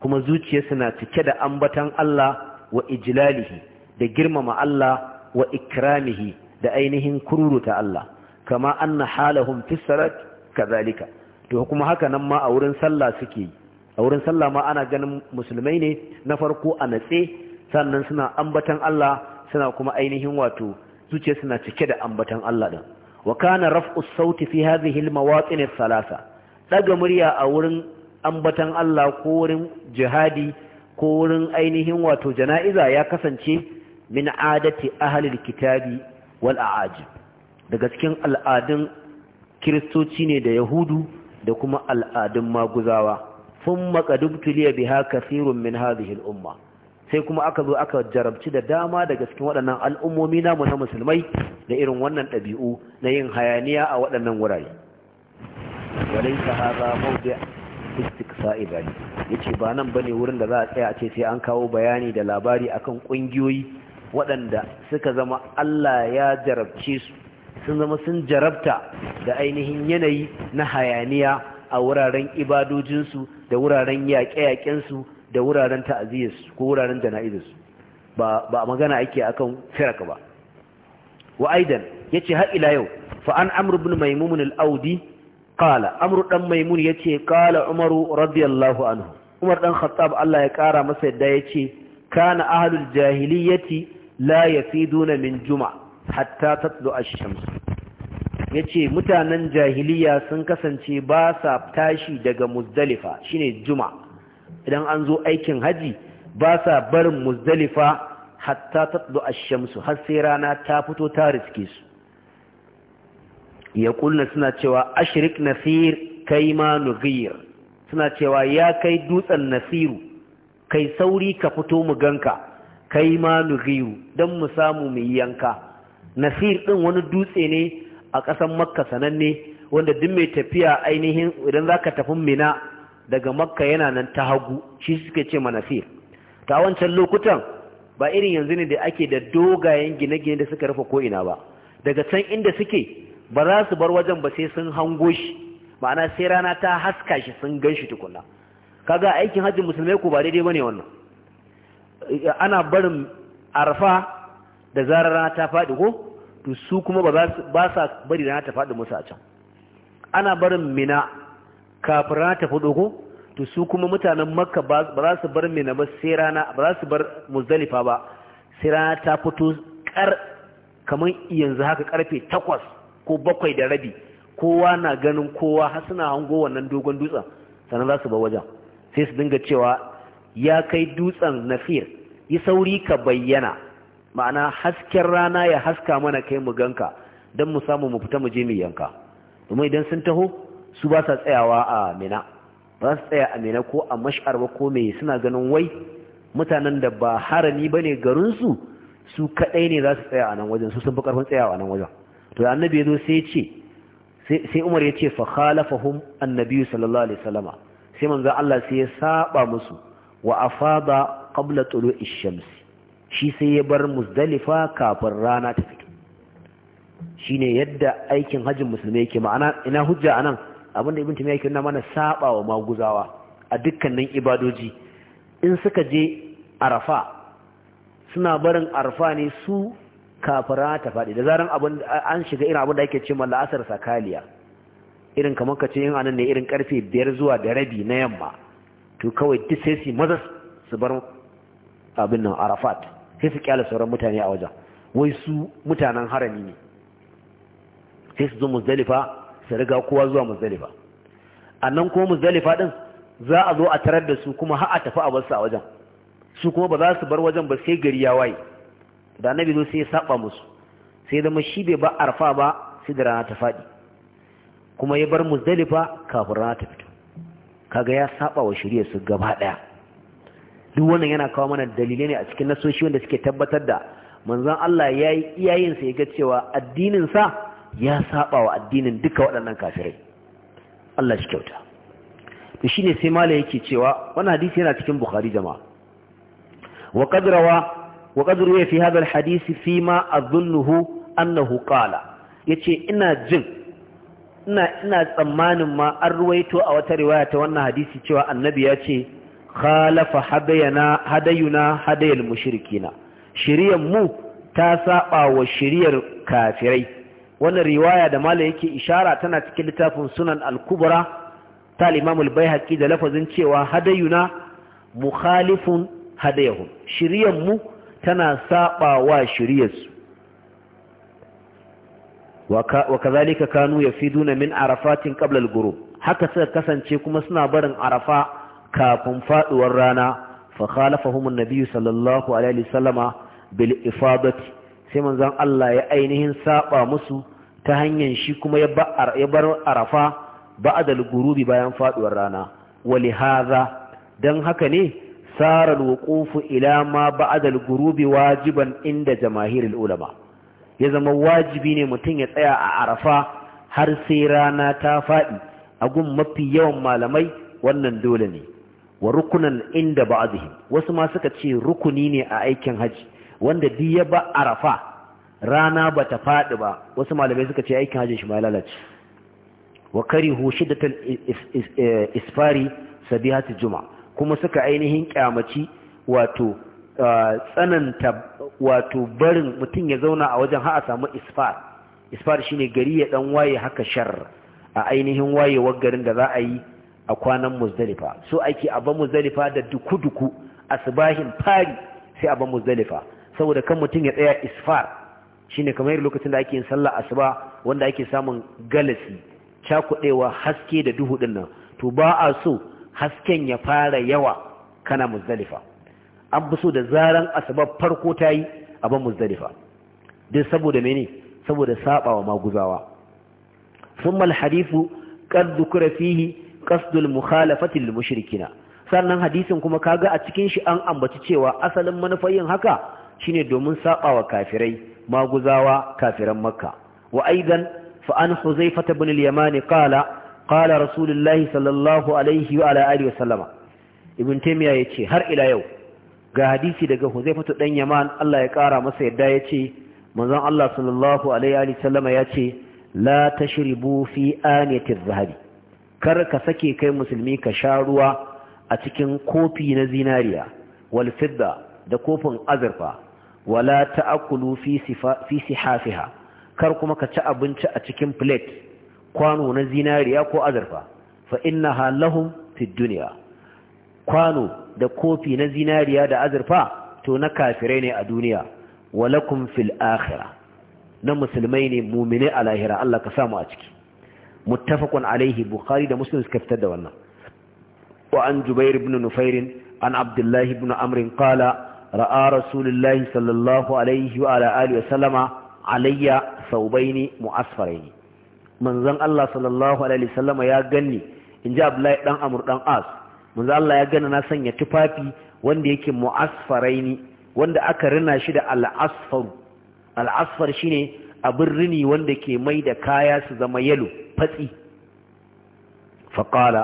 kuma zuciyarsu na cike da ambatan Allah wa ijilalihi da girmama Allah wa ikramihi da ainihin kururuta Allah kama anna halahum fi salat to kuma haka nan ma a wurin sallah suke a wurin sallah ma ana ganin musulmai ne na farko a natse sannan suna ambatan Allah suna kuma ainihin wato zuciya suna cike da ambatan Allah din wa kana raf'u sauti fi hadhihi al-mawatin ath-thalatha daga murya a wurin ambatan Allah ko wurin jihadi ko wurin ainihin wato jana'iza ya kasance min adati ahlil kitabi wal a'ajib daga cikin al'adun kiristoci ne da yahudu da kuma al'adun maguzawa sun makadubtuliya biha kasirun min hadhihi al'umma sai kuma aka zo aka jarabci da dama daga cikin waɗannan al'ummomi namu na musulmai da irin wannan ɗabi'u na yin hayaniya a waɗannan wurare walaysa hadha mawdi' istiqsa'i bani Ya ce ba nan bane wurin da za a tsaya a ce sai an kawo bayani da labari akan ƙungiyoyi waɗanda suka zama Allah ya jarabce su sun zama sun jarabta da ainihin yanayi na hayaniya a wuraren ibadojinsu da wuraren yaƙe-yaƙensu da wuraren ta'aziyarsu ko wuraren jana'izarsu ba a magana ake akan firaka ba Wa'aidan aidan ce har ila yau fa'an an amr ibn qala amru dan maimun yace qala umaru radiyallahu anhu umar ɗan khattab Allah ya ƙara masa yadda yace kana ahlul jahiliyyati la yafiduna min juma hatta tatlu ash-shams yace mutanen jahiliya sun kasance basa tashi daga muzdalifa shine juma idan an zo aikin haji basa barin muzdalifa hatta tatlu ash-shamsu har sai rana ta fito ta riske su ya kulna suna cewa ashirik nasir kai ma nughir suna cewa ya kai dutsen nasiru kai sauri ka fito mu ganka kai ma Nuhiru don mu samu mu yanka nasir ɗin wani dutse ne a ƙasan makka sananne wanda duk mai tafiya ainihin idan za ka tafi mina daga makka yana nan ta hagu shi suke ce ma nasir ta wancan lokutan ba irin yanzu ne da ake da dogayen gine-gine da suka rufe ko'ina ba daga can inda suke ba za su bar wajen ba sai sun hango shi ma'ana sai rana ta haska shi sun gan shi tukuna kaga aikin hajji musulmai ko ba daidai bane wannan ana barin arfa da zarar rana ta faɗi ko to su kuma ba sa bari rana ta faɗi musu a can ana barin mina kafin rana ta faɗo ko to su kuma mutanen makka ba za su bar mina ba sai rana ba za su bar muzdalifa ba sai rana ta fito kar kamar yanzu haka karfe takwas ko bakwai da rabi kowa na ganin kowa har suna hango wannan dogon dutsen sannan za su ba wajen sai su dinga cewa ya kai dutsen nafir yi sauri ka bayyana ma'ana hasken rana ya haska mana kai mu ganka don mu samu mu fita mu je mu yanka domin idan sun taho su ba sa tsayawa a mina ba su tsaya a mina ko a mashar ba ko mai suna ganin wai mutanen da ba harami ba ne garinsu su kaɗai ne za su tsaya a nan wajen su sun fi ƙarfin tsayawa a nan wajen to annabi yazo sai ya ce sai Umar ya ce fa khalafahum annabi sallallahu alaihi wasallama sai manzo Allah sai ya saba musu wa afada qabla tulu'i shams shi sai ya bar muzdalifa kafin rana ta fito shine yadda aikin hajjin musulmi yake ma'ana ina hujja anan abinda ibn tumiya yake nuna mana saba wa maguzawa a dukkanin ibadoji in suka je arafa suna barin arfa ne su kafira ta faɗi da zaran abun an shiga irin abin da ake cewa la'asar sakaliya irin kamar ka ce yin anan ne irin karfe biyar zuwa da rabi na yamma to kawai duk sai su maza su bar abin nan arafat sai su kyale sauran mutane a wajen wai su mutanen harami ne sai su zo muzdalifa su riga kowa zuwa muzdalifa a nan kuma muzdalifa din za a zo a tarar da su kuma har a tafi a wasu a wajen su kuma ba za su bar wajen ba sai gari ya waye da annabi zo sai ya saba musu sai zama shi bai ba arfa ba sai da rana ta faɗi kuma ya bar muzdalifa kafin rana ta fito kaga ya saba wa shirya su gaba daya duk wannan yana kawo mana dalilai ne a cikin nasoshi wanda suke tabbatar da manzon Allah ya yi iyayensa ya ga cewa addinin sa ya saba wa addinin duka waɗannan kafirai Allah shi kyauta to shine sai mala yake cewa wannan hadisi yana cikin bukhari jama'a wa qad وقد روي في هذا الحديث فيما أظنه أنه قال يتي إنا جن إنا, إنا تمان ما أرويت أو ترواية وانا حديثي توا النبي يتي خالف حدينا هدينا هدي المشركين شريا مو تاسا وشريا كافري وانا رواية دمالي يكي إشارة تنا تكلتاف سنن الكبرى تال إمام البيهكي دا لفظ تيوا هدينا مخالف هديهم شريا مو tana saba wa shiriyarsu wa kazalika kanu yafiduna min arafatin qabla al-ghurub haka suka kasance kuma suna barin arafa kafin faduwar rana fa khalafahum an-nabiy sallallahu alaihi wasallama bil ifadati sai manzon Allah ya ainihin saba musu ta hanyar shi kuma ya bar arafa ba'da al-ghurubi bayan faduwar rana wa lihaza dan haka ne sara alwuqufu ila ma ba'da algurubi wajiban inda jamaahirul ulama ya zama wajibi ne mutum ya tsaya a arafa har sai rana ta fadi a gun mafi yawan malamai wannan dole ne wa rukunan inda ba'dihim wasu ma suka ce rukuni ne a aikin haji wanda duk ya ba arafa rana ba ta fadi ba wasu malamai suka ce aikin hajin shi ma lalace wa karihu shiddatul isfari sabihatu juma'a kuma suka ainihin kyamaci wato tsananta wato barin mutum ya zauna a wajen ha'a samu isfar isfar shine gari ya dan waye haka shar a ainihin wayewar garin da za a yi a kwanan muzalifa so ake a ban muzdalifa da duku-duku asbahin fari sai a ban muzdalifa saboda kan mutum ya tsaya isfar shine kamar lokacin da ake yin sallah asuba wanda ake samun galasi cakudewa haske da duhu dinnan to ba a so hasken ya fara yawa kana muzdalifa an fi so da zaran asabar farko ta yi a ban muzdalifa duk saboda mene saboda saba wa maguzawa sun malhadifu kar dukura fihi kasdul mukhalafatil mushrikina sannan hadisin kuma kaga a cikin shi an ambaci cewa asalin manufar yin haka shine domin saba kafirai maguzawa kafiran makka wa aidan fa an huzaifata ibn al-yamani qala qala rasulullahi sallallahu alaihi wa alihi wasallama ibn taymiya yace har ila yau ga hadisi daga huzaifatu dan yaman Allah ya kara masa yadda yace manzon Allah sallallahu alaihi wa alihi yace la tashribu fi aniyatiz zahabi kar ka sake kai musulmi ka sha ruwa a cikin kofi na zinariya wal fidda da kofin azurfa wala ta'akulu fi sihafiha kar kuma ka ci abinci a cikin plate kwano na zinariya ko azurfa fa innaha lahum fi dunya kwano da kofi na zinariya da azurfa to na kafirai ne a duniya walakum fil akhirah na musulmai ne mumine a lahira Allah ka samu a ciki muttafaqun Alayhi bukhari da muslim suka fitar da wannan wa an jubair ibn nufair an abdullah ibn amr qala ra'a rasulullah sallallahu alaihi wa ala alihi wa sallama alayya manzon Allah sallallahu alaihi wasallam ya ganni in ji Abdullahi dan Amr dan As manzon Allah ya gani na sanya tufafi wanda yake mu'asfaraini wanda aka rina shi da al-asfar al-asfar shine abin rini wanda ke mai da kaya su zama yalo fatsi faqala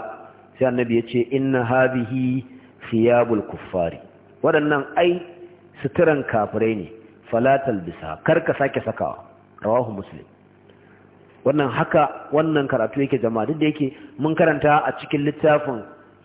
sai annabi ya ce inna hadhihi thiyabul kuffari waɗannan ai suturan kafirai ne falatal bisa karka sake sakawa rawahu muslim wannan haka wannan karatu yake jama'a duk da yake mun karanta a cikin littafin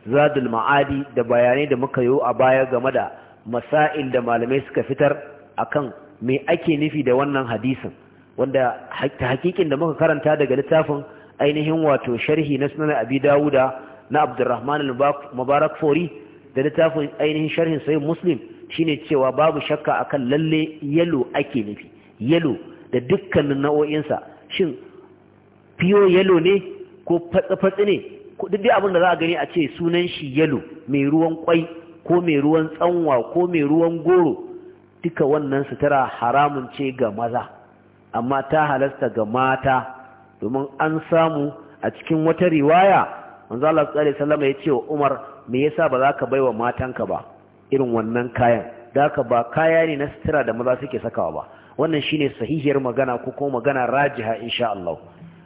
zadul ma'adi da bayanai da muka yi a baya game da masail da malamai suka fitar akan me ake nufi da wannan hadisin wanda ta hakikin da muka karanta daga littafin ainihin wato sharhi na sunan abi dawuda na abdurrahman al-mubarak fori da littafin ainihin sharhin sai muslim shine cewa babu shakka akan lalle yalo ake nufi yalo da dukkanin nau'o'insa shin fiyo yalo ne ko fatsa-fatsa ne duk dai abin da za a gani a ce sunan shi yalo mai ruwan kwai ko mai ruwan tsanwa ko mai ruwan goro duka wannan sutura haramun ce ga maza amma ta halasta ga mata domin an samu a cikin wata riwaya manzo Allah sallallahu ya ce wa Umar me yasa ba za ka baiwa matanka ba irin wannan kayan daka ba kaya ne na sutura da maza suke sakawa ba wannan shine sahihiyar magana ko kuma magana rajiha insha Allah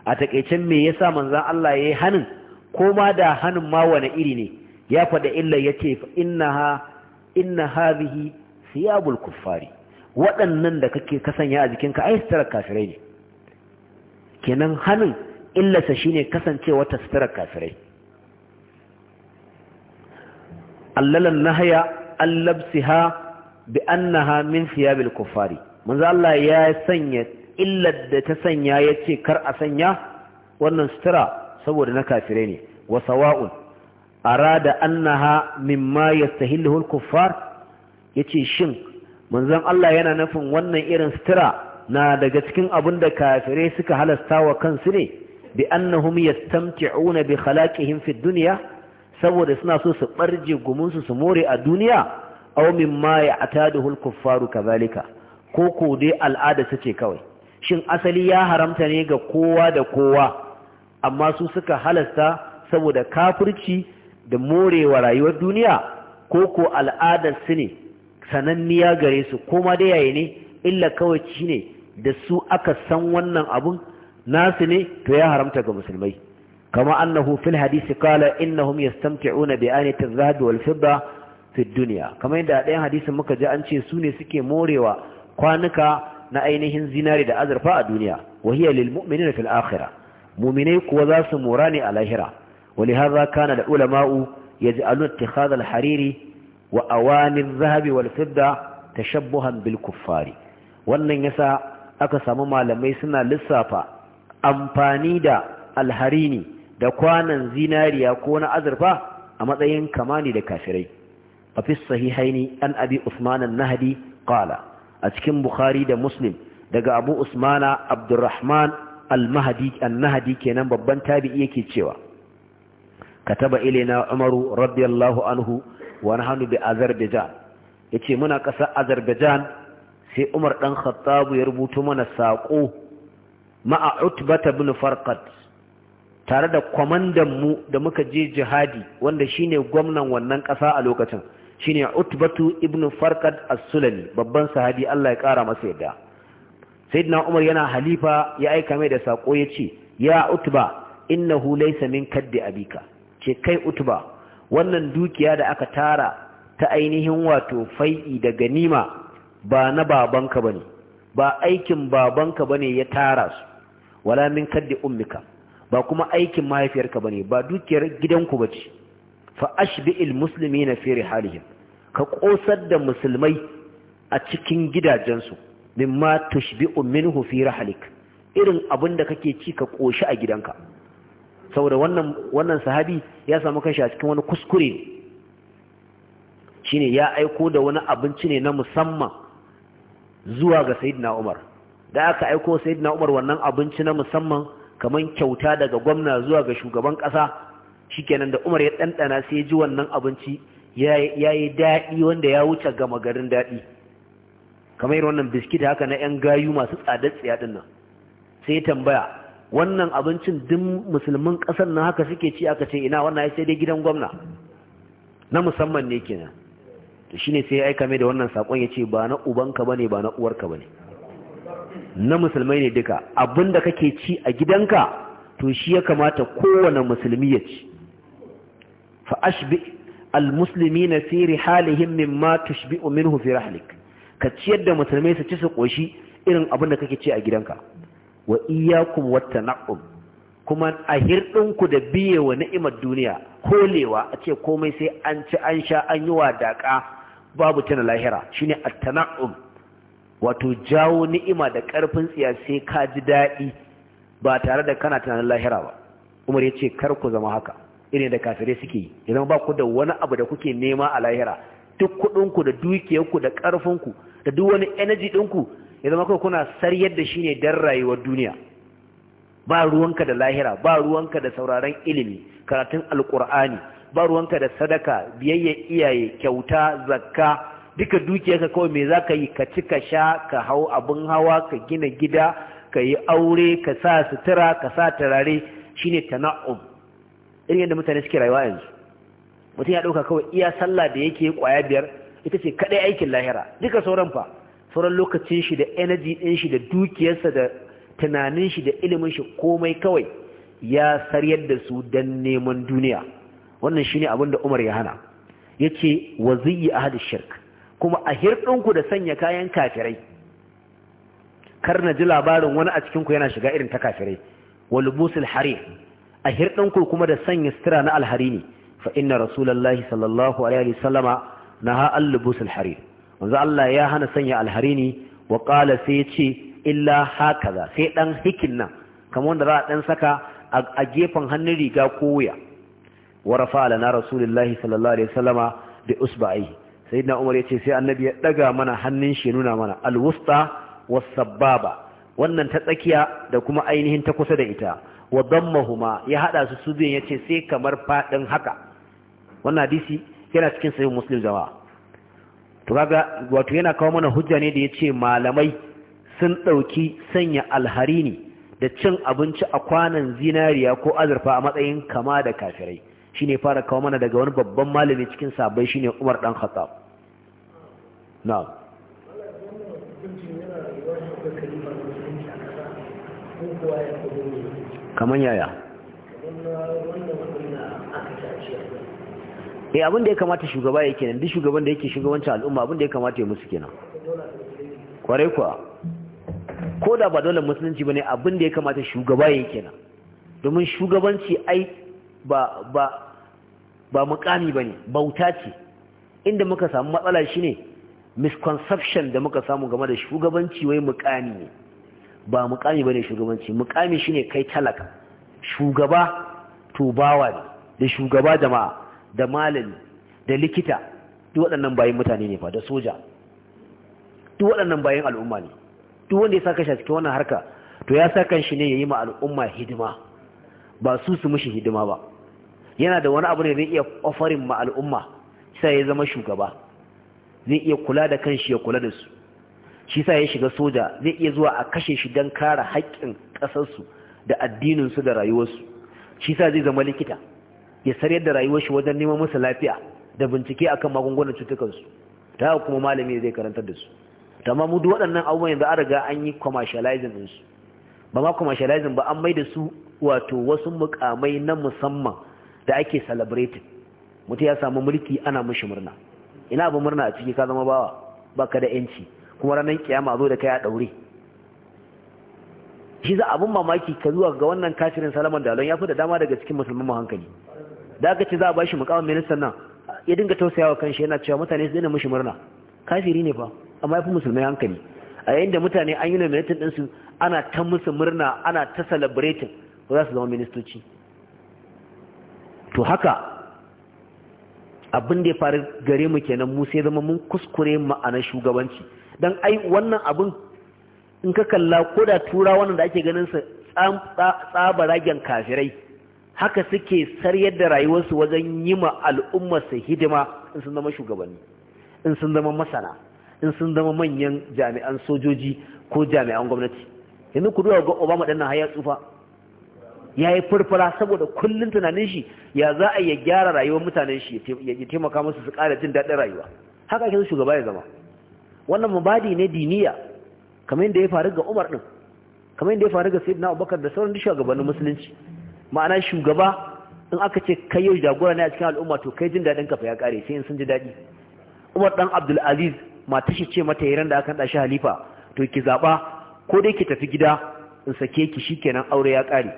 a takeicen me yasa manzon Allah yi hanin ko ma da hanin ma wani iri ne ya faɗa illa yace fa innaha inna hadhihi siyabul kuffari waɗannan da kake kasanya a jikinka ai sitarar kafirai ne kenan hanin illarsa shine kasancewa ta sitarar kafirai allalan nahaya allabsiha bi annaha min siyabil kuffari manzo Allah ya sanya illar da ta sanya ya ce kar a sanya wannan sutura saboda na kafirai ne wa sawa'un arada annaha mimma yastahilluhu al-kuffar yace shin manzon Allah yana nufin wannan irin sutura na daga cikin abin da kafirai suka halasta wa kansu ne bi annahum yastamti'una bi khalaqihim fi dunya saboda suna so su barje gumunsu su more a duniya aw mimma ya'taduhu al-kuffaru kadhalika ko ko dai al'ada sace kawai shin asali ya haramta ne ga kowa da kowa amma su suka halasta saboda kafirci da morewa rayuwar duniya ko ko al'adar su ne sananniya gare su koma da yayi ne illa kawai shi ne da su aka san wannan abun nasu ne to ya haramta ga musulmai kama annahu fil hadisi qala innahum yastamti'una bi anati zahab wal fidda fi dunya kama yadda a ɗayan hadisin muka ji an ce su ne suke morewa kwanuka na ainihin zinari da azurfa a duniya wa hiya lil mu'minina fil akhirah mu'minai kuwa za su mora ne a lahira da ولهذا كان العلماء يجعلون wa الحرير zahabi الذهب ta تشبها bilkufari? wannan yasa aka samu malamai suna lissafa amfani da alharini da kwanan zinariya ko na azurfa a matsayin kamani da kafirai a fi sahihaini an abi usman nahadi kala qala a cikin bukhari da muslim daga abu usmana abdurrahman al-mahdi an-nahdi kenan babban tabi'i yake cewa kataba ilaina umaru radiyallahu anhu wa nahnu bi azerbaijan yace muna ƙasar azerbaijan sai umar dan khattab ya rubuta mana saƙo ma'a utbata ibn farqat tare da kwamandan mu da muka je jihadi wanda shine gwamnan wannan ƙasa a lokacin shine utbatu ibnu Farkad as babban sahabi Allah ya kara masa yadda sayyidina umar yana halifa ya aika mai da sako yace ya utba innahu laysa min kaddi abika ce kai utba wannan dukiya da aka tara ta ainihin wato fai'i da ganima ba na babanka bane ba aikin babanka bane ya tara su wala min kaddi ummika ba kuma aikin mahaifiyarka bane ba dukiyar gidanku bace fa musulmi na fi rihalihim ka ƙosar da musulmai a cikin gidajensu mimma tushbi'u minhu fi rahalik irin abin da kake ci ka ƙoshi a gidanka saboda wannan wannan sahabi ya samu kanshi a cikin wani kuskure shine ya aiko da wani abinci ne na musamman zuwa ga sayyidina Umar da aka aiko sayyidina Umar wannan abinci na musamman kamar kyauta daga gwamna zuwa ga shugaban ƙasa. shikenan da Umar ya ɗanɗana sai ya ji wannan abinci ya yi daɗi wanda ya wuce gama garin daɗi kamar irin wannan biskit haka na 'yan gayu masu tsadar tsiya ɗin nan sai ya tambaya wannan abincin duk musulmin ƙasar nan haka suke ci aka ce ina wannan ya sai dai gidan gwamna na musamman ne kenan to shine sai ya aika mai da wannan saƙon ya ce ba na ubanka bane ba na uwarka bane na musulmai ne duka abinda kake ci a gidanka to shi ya kamata kowane musulmi ya ci fa ashbi almuslimina fi rihalihim mimma tushbi'u minhu fi rahlik ka ci da musulmai su ci su koshi irin abin da kake ci a gidanka wa iyyakum wattana'um kuma a hirɗinku da biye wa ni'imar duniya kolewa a ce komai sai an ci an sha an yi wadaƙa babu tana lahira shine at-tana'um wato jawo ni'ima da ƙarfin tsiya sai ka ji daɗi ba tare da kana tunanin lahira ba umar ya ce kar ku zama haka irin da kafirai suke ya zama ba ku da wani abu da kuke nema a lahira duk kuɗinku da dukiyarku da ƙarfinku da duk wani energy ɗinku ya zama kuna saryar da shine ne don rayuwar duniya ba ruwanka da lahira ba ruwanka da sauraron ilimi karatun alƙur'ani ba ruwanka da sadaka biyayya iyaye kyauta zakka duka dukiyarka kawai me za ka yi ka ci ka sha ka hau abin hawa ka gina gida ka yi aure ka sa sutura ka sa turare shine tana'um irin yadda mutane suke rayuwa yanzu mutum ya ɗauka kawai iya sallah da yake kwaya biyar ita ce kaɗai aikin lahira duka sauran fa sauran lokacin shi da energy ɗin shi da dukiyarsa da tunanin shi da ilimin shi komai kawai ya saryar da su dan neman duniya wannan shine abin da Umar ya hana yace wa zayyi ahad shirk kuma a hirɗinku da sanya kayan kafirai kar na ji labarin wani a cikin ku yana shiga irin ta kafirai walbusul a hirɗinku kuma da sanya sutura na alharini fa inna rasulullahi sallallahu alaihi wasallama naha al-lubus al hari wanzu Allah ya hana sanya alharini wa qala sai ya ce illa hakaza sai ɗan hikin nan kamar wanda za a ɗan saka a gefen hannun riga ko wuya wa rafa lana rasulullahi sallallahu alaihi wasallama bi usba'i na umar ya ce sai annabi ya ɗaga mana hannun shi nuna mana al-wusta wannan ta tsakiya da kuma ainihin ta kusa da ita wa mahuma ya hada su su biyan yace sai kamar fadin haka wannan hadisi yana cikin sahih muslim jama'a to kaga wato yana kawo mana hujja ne da yace malamai sun dauki sanya alharini da cin abinci a kwanan zinariya ko azurfa a matsayin kama da kafirai shine fara kawo mana daga wani babban malami cikin sabai shine Umar dan Khattab na'am kamar yaya eh abin da ya kamata shugaba yake nan duk shugaban da yake shugabancin al'umma abin da ya kamata ya musu kenan kwarai kuwa ko da ba dole musulunci bane abin da ya kamata shugaba yake nan domin shugabanci ai ba ba ba mukami bane bauta ce inda muka samu matsala shine misconception da muka samu game da shugabanci wai mukami ne ba mukami bane shugabanci mukami shine kai talaka shugaba to bawa ne da shugaba jama'a da malami da likita duk waɗannan bayin mutane ne fa da soja duk waɗannan bayan al'umma ne duk wanda ya saka shi a cikin wannan harka to ya saka shi ne ya yi ma al'umma hidima ba su su mishi hidima ba yana da wani abu ne zai iya offering ma al'umma sai ya zama shugaba zai iya kula da kanshi ya kula da su shi sa ya shiga soja zai iya zuwa a kashe shi don kara haƙƙin ƙasarsu da addininsu da rayuwarsu shi sa zai zama likita ya sayar da rayuwar shi wajen neman musu lafiya da bincike a kan magungunan cutukansu ta kuma malami zai karantar da su Ta ma mudu waɗannan abubuwan yanzu an riga an yi commercializing din ba ma commercializing ba an mai da su wato wasu mukamai na musamman da ake celebrating mutum ya samu mulki ana mishi murna ina abin murna a ciki ka zama bawa baka da yanci kuma ranar kiyama zo da kai a daure shi za abun mamaki ka zuwa ga wannan kafirin salaman dalon ya fi da dama daga cikin musulman mu hankali da aka ce za a bashi mukamin ministan nan ya dinga tausayawa kanshi yana cewa mutane su dina mishi murna kafiri ne fa amma ya fi musulmai hankali a yayin da mutane an yi na ministan ɗinsu ana ta musu murna ana ta celebrating ko za su zama ministoci to haka abin da ya faru gare mu kenan mu sai zama mun kuskure ma'anar shugabanci don ai wannan abun in ka kalla ko da tura wannan da ake ganin sa tsaba ragen kafirai haka suke saryar da rayuwarsu wajen yi ma su hidima in sun zama shugabanni in sun zama masana in sun zama manyan jami'an sojoji ko jami'an gwamnati yanzu ku duba ga obama ɗan nan ya tsufa ya yi furfura saboda kullum tunanin shi ya za a ya gyara rayuwar mutanen shi ya taimaka musu su ƙara jin daɗin rayuwa haka ake shugaba ya zama wannan mubadi ne diniya kamar yadda ya faru ga Umar din kamar yadda ya faru ga Sayyidina Abubakar da sauran shugabannin musulunci ma'ana shugaba in aka ce kai yau jagora ne a cikin al'umma to kai jin daɗin kafa ya kare sai in sun ji daɗi. Umar dan Abdul Aziz mata shi ce mata yaran da aka ɗashi halifa to ki zaba ko dai ki tafi gida in sake ki shikenan aure ya kare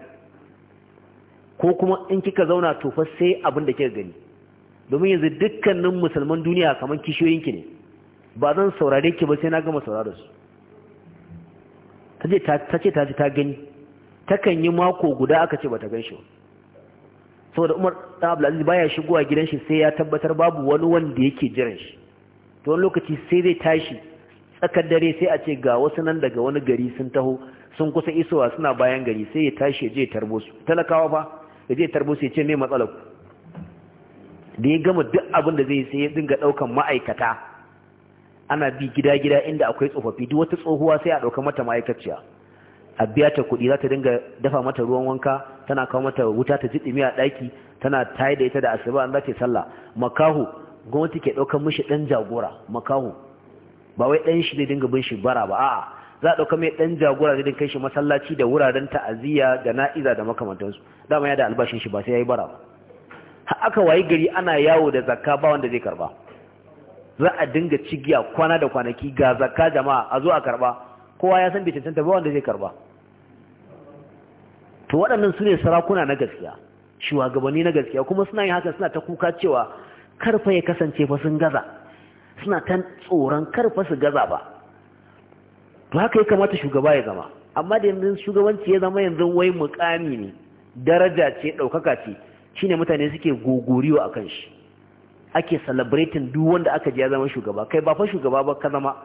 ko kuma in kika zauna to fa sai abin da kika gani domin yanzu dukkanin musulman duniya kamar kishiyoyinki ne ba zan saurare ki ba sai na gama saurare su ta ce ta ji ta gani takan yi mako guda aka ce ba ta gan shi saboda umar ɗan abdulaziz baya shigowa gidan shi sai ya tabbatar babu wani wanda yake jiran shi to wani lokaci sai zai tashi tsakar dare sai a ce ga wasu nan daga wani gari sun taho sun kusa isowa suna bayan gari sai ya tashi ya je tarbo su talakawa fa ya je tarbo su ya ce me matsalar ku da ya gama duk abin da zai sai ya dinga ɗaukan ma'aikata ana bi gida-gida inda akwai tsofaffi duk wata tsohuwa sai a ɗauka mata ma'aikaciya a biya ta kuɗi za ta dinga dafa mata ruwan wanka tana kawo mata wuta ta jiɗi miya a ɗaki tana tayar da ita da asuba an za ta sallah makahu gwamnati ke ɗaukar mishi ɗan jagora makahu ba wai ɗan shi ne dinga bin shi bara ba a'a za a ɗauka mai ɗan jagora zai kai shi masallaci da wuraren ta'aziyya da na'iza da makamantansu dama ya da albashin shi ba sai ya yi bara ba aka wayi gari ana yawo da zakka ba wanda zai karba za a dinga cigiya kwana da kwanaki ga zakka jama'a a zo a karba kowa ya san bai cancanta ba wanda zai karba to waɗannan su ne sarakuna na gaskiya shugabanni na gaskiya kuma suna yin haka suna ta kuka cewa karfa ya kasance fa sun gaza suna ta tsoron karfa su gaza ba to haka ya kamata shugaba ya zama amma da yanzu shugabanci ya zama yanzu wai mukami ne daraja ce ɗaukaka ce shine mutane suke gogoriwa akan shi ake celebrating duk wanda aka ji ya zama shugaba kai ba fa shugaba ba ka zama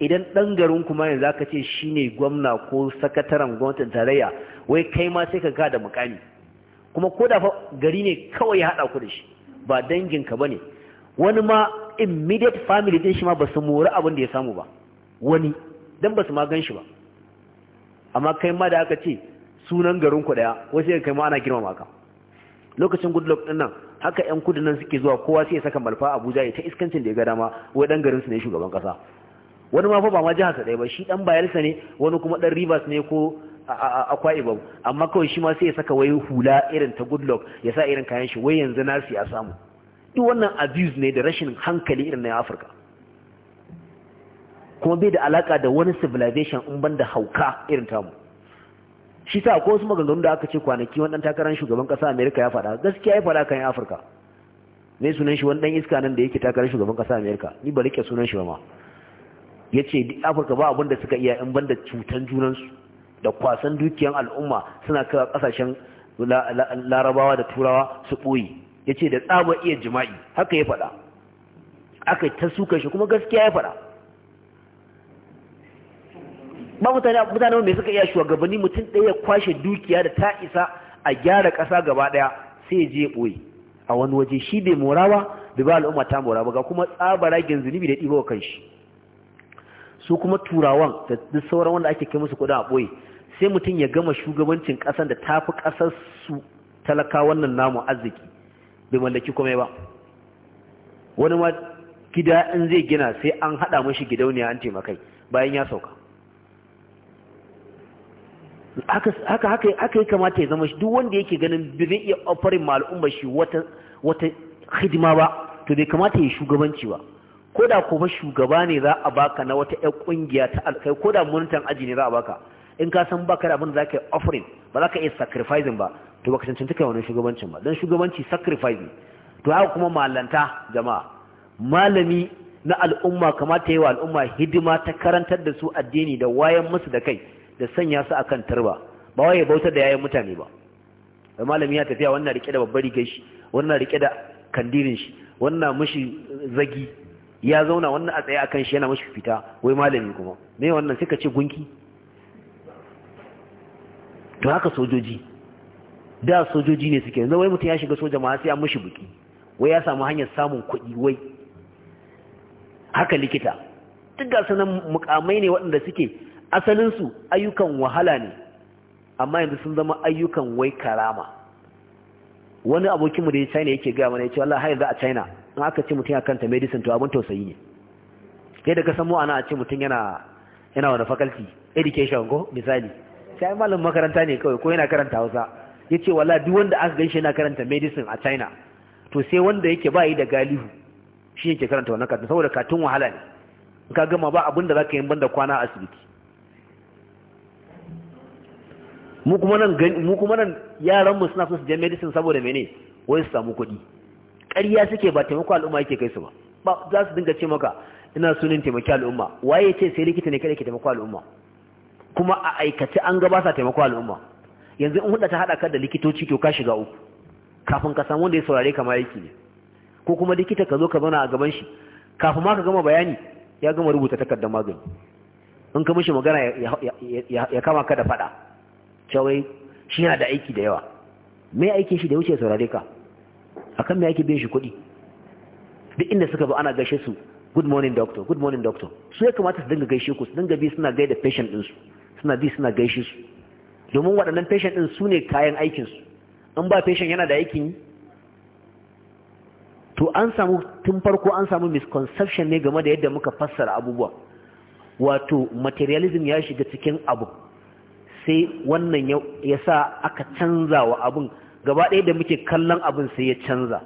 idan ɗan garin kuma yanzu aka ce shine gwamna ko sakataren gwamnatin tarayya wai kai ma sai ka ga da mukami kuma ko da gari ne kawai ya haɗa ku da shi ba danginka ba ne wani ma immediate family din shi ma ba su mori abin da ya samu ba wani don ba su ma gan shi ba amma kai ma da aka ce sunan garin ku ɗaya wasu kai ma ana girmama ka lokacin luck din nan haka yan kudu nan suke zuwa kowa sai ya saka malfa abuja ya ta iskancin da ya ga dama wai dan garin su ne shugaban kasa wani ma fa ba ma jihar sa dai ba shi dan bayelsa ne wani kuma dan rivers ne ko akwa ibom amma kawai shi ma sai ya saka wai hula irin ta goodluck ya sa irin kayan shi wai yanzu nasi ya samu duk wannan abuse ne da rashin hankali irin na afirka kuma bai da alaka da wani civilization in banda hauka irin tamu shi sa ko wasu maganganu da aka ce kwanaki wani takarar shugaban kasa Amerika ya faɗa gaskiya ya faɗa kan Afirka ne sunan shi wani dan iska nan da yake takarar shugaban kasa Amerika ni ba rike sunan shi ba ma yace Afirka ba abin da suka iya in banda cutan junansu da kwasan dukiyan al'umma suna kawo kasashen larabawa da turawa su boye yace da tsaba iya jima'i haka ya faɗa aka ta suka shi kuma gaskiya ya faɗa ba mutane mutane mai suka iya shugabanni mutum ɗaya kwashe dukiya da ta isa a gyara ƙasa gaba ɗaya sai je ɓoye a wani waje shi bai mora ba bai ba al'umma ta mora ba ga kuma tsabara zunubi da ɗibo kan shi su kuma turawan da duk sauran wanda ake kai musu kuɗin a ɓoye sai mutum ya gama shugabancin ƙasar da tafi ƙasar su talaka wannan namu arziki bai mallaki komai ba wani ma gida in zai gina sai an haɗa mashi gidauniya an taimakai bayan ya sauka haka haka haka kamata ya zama shi duk wanda yake ganin bai iya ofarin ma al'umma shi wata wata hidima ba to bai kamata ya shugabanci ba ko da ko shugaba ne za a baka na wata ƴan kungiya ta alkai ko da munitan aji ne za a baka in ka san baka da abin da zaka yi offering ba za ka iya sacrificing ba to baka cancanta kai wannan shugabancin ba dan shugabanci sacrifice to haka kuma malanta jama'a malami na al'umma kamata ya yi wa al'umma hidima ta karantar da su addini da wayan musu da kai da sanya su akan tarba ba wai bautar da yayin mutane ba da malami ya tafiya wannan rike da babbar rike shi wannan rike da kandirin shi wannan mushi zagi ya zauna wannan a tsaye akan shi yana mushi fita wai malami kuma me wannan suka ce gunki to haka sojoji da sojoji ne suke yanzu wai mutum ya shiga soja ma sai an mushi buki wai ya samu hanyar samun kuɗi wai haka likita duk ga sanan mukamai ne waɗanda suke asalinsu ayyukan wahala ne amma yanzu sun zama ayyukan wai karama wani abokinmu da ya china yake gaya mana ya ce wallahi yanzu a china in aka ce mutum ya kanta medicine to abin tausayi ne da ka san mu ana a ce mutum yana yana wani faculty education ko misali sai malamin makaranta ne kawai ko yana karanta hausa ya ce wallahi duk wanda aka gaishe yana karanta medicine a china to sai wanda yake ba yi da galihu shi yake karanta wannan katin saboda katun wahala ne in ka gama ba abin da za ka yi banda da kwana a asibiti mu kuma nan yaran mu suna so su je medicine saboda mene wai su samu kuɗi ƙarya suke ba taimako al'umma yake kai su ba ba za su dinga ce maka ina sunin taimaki al'umma waye ce sai likita ne kada ke taimako al'umma kuma a aikace an ga ba sa taimako al'umma yanzu in hudda ta hada ka da likitoci to ka shiga uku kafin ka samu wanda ya saurare ka ma yake ne ko kuma likita ka zo ka zauna a gaban shi kafin ma ka gama bayani ya gama rubuta takardar magani in ka mishi magana ya kama ka da faɗa cewai shi yana da aiki da yawa me aikin shi da wuce saurare ka akan me ake biyan shi kuɗi duk inda suka ba ana gaishe su good morning doctor good morning doctor su ya kamata su dinga gaishe ku su dinga bi suna gaida patient ɗinsu suna bi suna gaishe su domin waɗannan patient ɗin su ne kayan aikinsu in ba patient yana da aikin yi to an samu tun farko an samu misconception ne game da yadda muka fassara abubuwa wato materialism ya shiga cikin abu sai wannan ya sa aka canza wa abin gaba ɗaya da muke kallon abin sai ya canza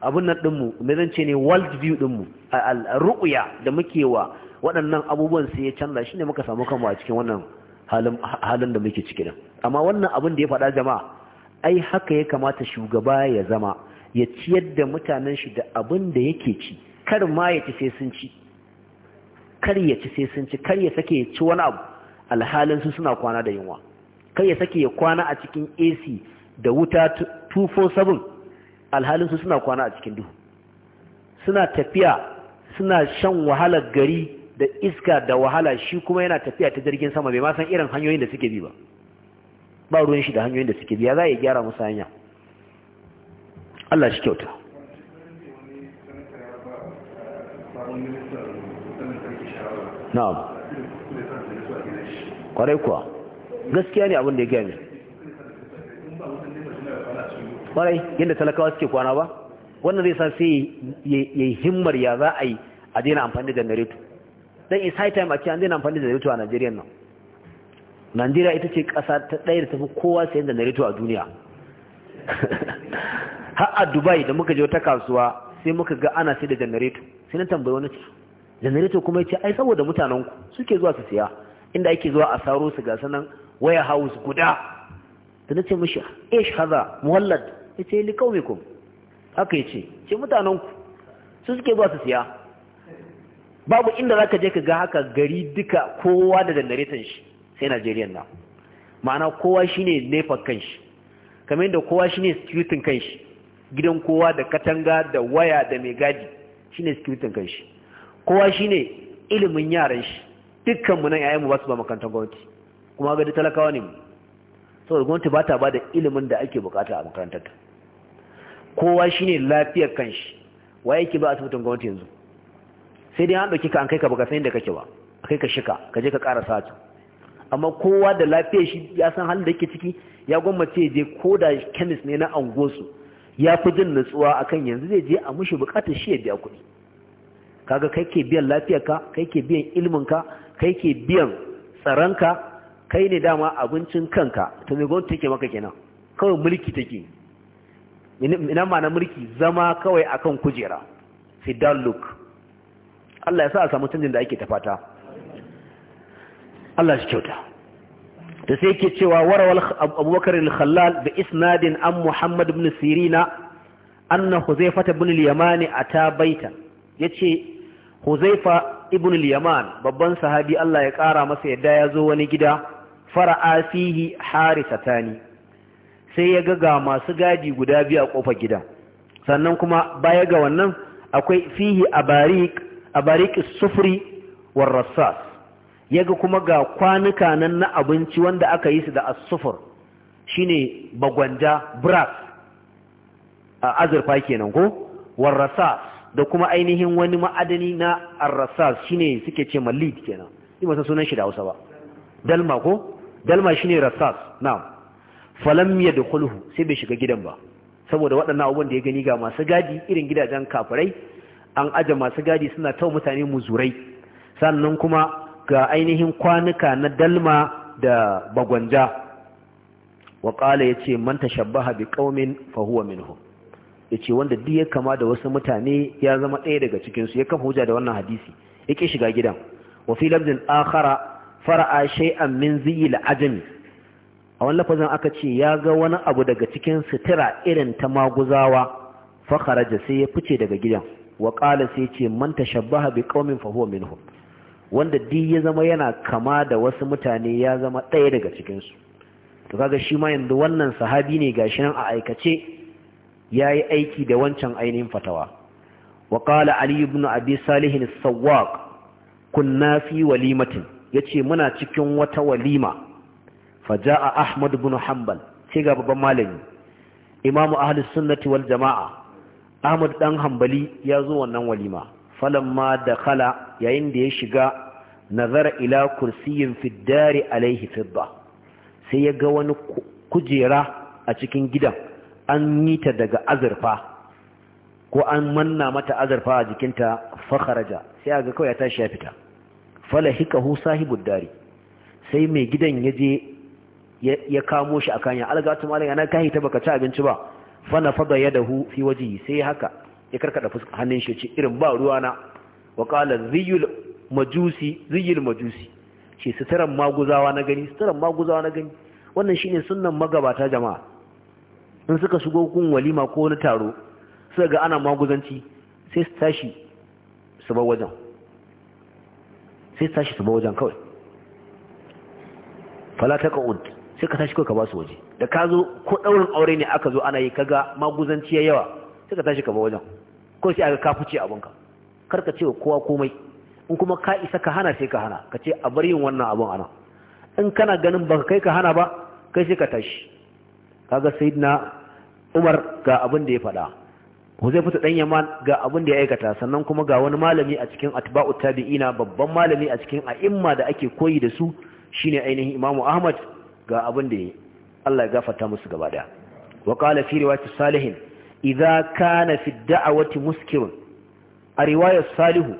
abin nan ɗinmu mai zance ne world view ɗinmu ru'uya da muke wa waɗannan abubuwan sai ya canza shine muka samu kanmu a cikin wannan halin da muke ciki amma wannan abin da ya faɗa jama'a ai haka ya kamata shugaba ya zama ya ciyar da mutanen shi da abin da yake ci kar ma ya ci sai sun ci kar ya ci sai sun ci kar ya sake ya ci wani abu alhalin su suna kwana da yunwa kai ya sake ya kwana a cikin AC da wuta 247 alhalin su suna kwana a cikin duhu suna tafiya suna shan wahalar gari da iska da wahala shi kuma yana tafiya ta jirgin sama bai ma san irin hanyoyin da suke bi ba ba ruwan shi da hanyoyin da suke bi ya za a gyara musu hanya Allah shi kyauta na'am kwarai kuwa gaskiya ne abin da ya gami kwarai yadda talakawa suke kwana ba wannan zai sa sai ya yi himmar ya za a yi a daina amfani da janareto don is high time a ce an daina amfani da janareto a Najeriya nan Najeriya ita ce ƙasa ta ɗaya da tafi kowa sayan da a duniya har a Dubai da muka je wata kasuwa sai muka ga ana sai da janareto sai na tambayi wani ce janareto kuma ya ce ai saboda mutanen ku suke zuwa su siya inda ake zuwa a saro su ga sanan waya house guda da nace mishi ish haza muhallad yace li qaumikum haka yace ce mutanen ku su suke zuwa su siya babu inda zaka je ka ga haka gari duka kowa da generator shi sai Najeriya na ma'ana kowa shine nefa kanshi kamar yadda kowa shine security kanshi gidan kowa da katanga da waya da mai gadi shine security kanshi kowa shine ilimin yaran shi dukkan mu nan yayin mu ba su ba makarantar gwamnati kuma ga talakawa ne mu saboda gwamnati ba ta ba da ilimin da ake bukata a makarantar ta kowa shine lafiyar kanshi wa yake ba asibitin gwamnati yanzu sai dai an dauki ka an kai ka baka san inda kake ba kai ka shika ka je ka karasa ta amma kowa da lafiyar shi ya san halin da yake ciki ya gwammace je ko da kemis ne na angosu ya fi jin nutsuwa akan yanzu zai je a mushi bukatar shi ya biya kuɗi kaga kai ke biyan lafiyarka kai ke biyan ilminka kai ke biyan tsaronka kai ne dama abincin kanka ta mai gwamnati take maka kenan kawai mulki take ina ma'ana mulki zama kawai akan kujera fidal look Allah ya sa a samu canjin da ake tafata Allah shi kyauta da sai ke cewa warawar abubakar al-khallal bi isnadin an muhammad bin sirina anna huzaifa liyamani a yamani baita ya yace huzaifa ibn al-yaman babban sahabi Allah ya ƙara masa yadda ya zo wani gida fara'a fihi harisatani sai ya ga ga masu gadi guda biyu a kofar gidan sannan kuma baya ga wannan akwai fihi a abarik sufri war rassas yaga kuma ga kwanuka nan na abinci wanda aka yi su da as-sufur shine bagwanja brass azurfa kenan ko war rassas da kuma ainihin wani ma'adani na arrasas shine suke ce malid kenan ima san sunan shi da Hausa ba dalma ko dalma shine rasas na'am falam yadkhuluhu sai bai shiga gidan ba saboda waɗannan abubuwan da ya gani ga masu gadi irin gidajen kafirai an aje masu gadi suna tau mutane muzurai sannan kuma ga ainihin kwanuka na dalma da bagwanja wa qala yace man tashabbaha bi qaumin fa huwa minhum yace wanda duk ya kama da wasu mutane ya zama ɗaya daga cikinsu. ya kafa hujja da wannan hadisi Ya yake shiga gidan wa fi lafzin akhara fara'a shay'an min ziyil ajami a wannan lafazin aka ce ya ga wani abu daga cikin sutura irin ta maguzawa fa kharaja sai ya fice daga gidan wa qala sai ce man tashabbaha bi qaumin fa huwa minhum wanda duk ya zama yana kama da wasu mutane ya zama ɗaya daga cikinsu. su to kaga shi ma yanzu wannan sahabi ne gashi nan a aikace ya yi aiki da wancan ainihin fatawa wa ƙala ali ibn abi salihin kun kunna fi walimatin ce muna cikin wata walima a ahmad bin hanbal sai ga babban malami imamu ahli sunnati wal jama'a ahmad dan hanbali ya zo wannan walima falamma kala yayin da ya shiga nazara ila kursiyin fi alaihi fidda sai ya ga wani kujera a cikin gidan an yi ta daga azurfa ko an manna mata azurfa a jikinta fakharaja sai a ga kawai ya tashi ya fita falahikahu sahibud dari sai mai gidan ya je ya kamo shi a kanya, algatu malai ana kai ta baka ci abinci ba fana fada yadahu fi waji sai haka ya karkada hannun shi ce irin ba ruwa na wa qala ziyul majusi ziyul majusi shi maguzawa na gani Sutaran maguzawa na gani wannan shine sunnan magabata jama'a in suka shigo kun walima ko wani taro suka ga ana maguzanci sai su tashi su bar wajen sai su tashi su bar wajen kawai fala ta ka'ud sai ka tashi kawai ka ba su waje da ka zo ko ɗaurin aure ne aka zo ana yi kaga maguzanci ya yawa sai ka tashi ka bar wajen ko sai aka kafuce abinka kar ka ce wa kowa komai in kuma ka isa ka hana sai ka hana ka ce a bar yin wannan abun ana in kana ganin baka kai ka hana ba kai sai ka tashi kaga sayyidina Umar ga abin da ya faɗa fita ɗanyen man ga abin da ya aikata sannan kuma ga wani malami a cikin atba'u tabi'ina babban malami a cikin a'imma da ake koyi da su shine ainihin Imam Ahmad ga abin da ya Allah ya gafarta musu gaba daya wa qala fi riwayati salihin idza kana fi da'awati muskirun a riwayar salihu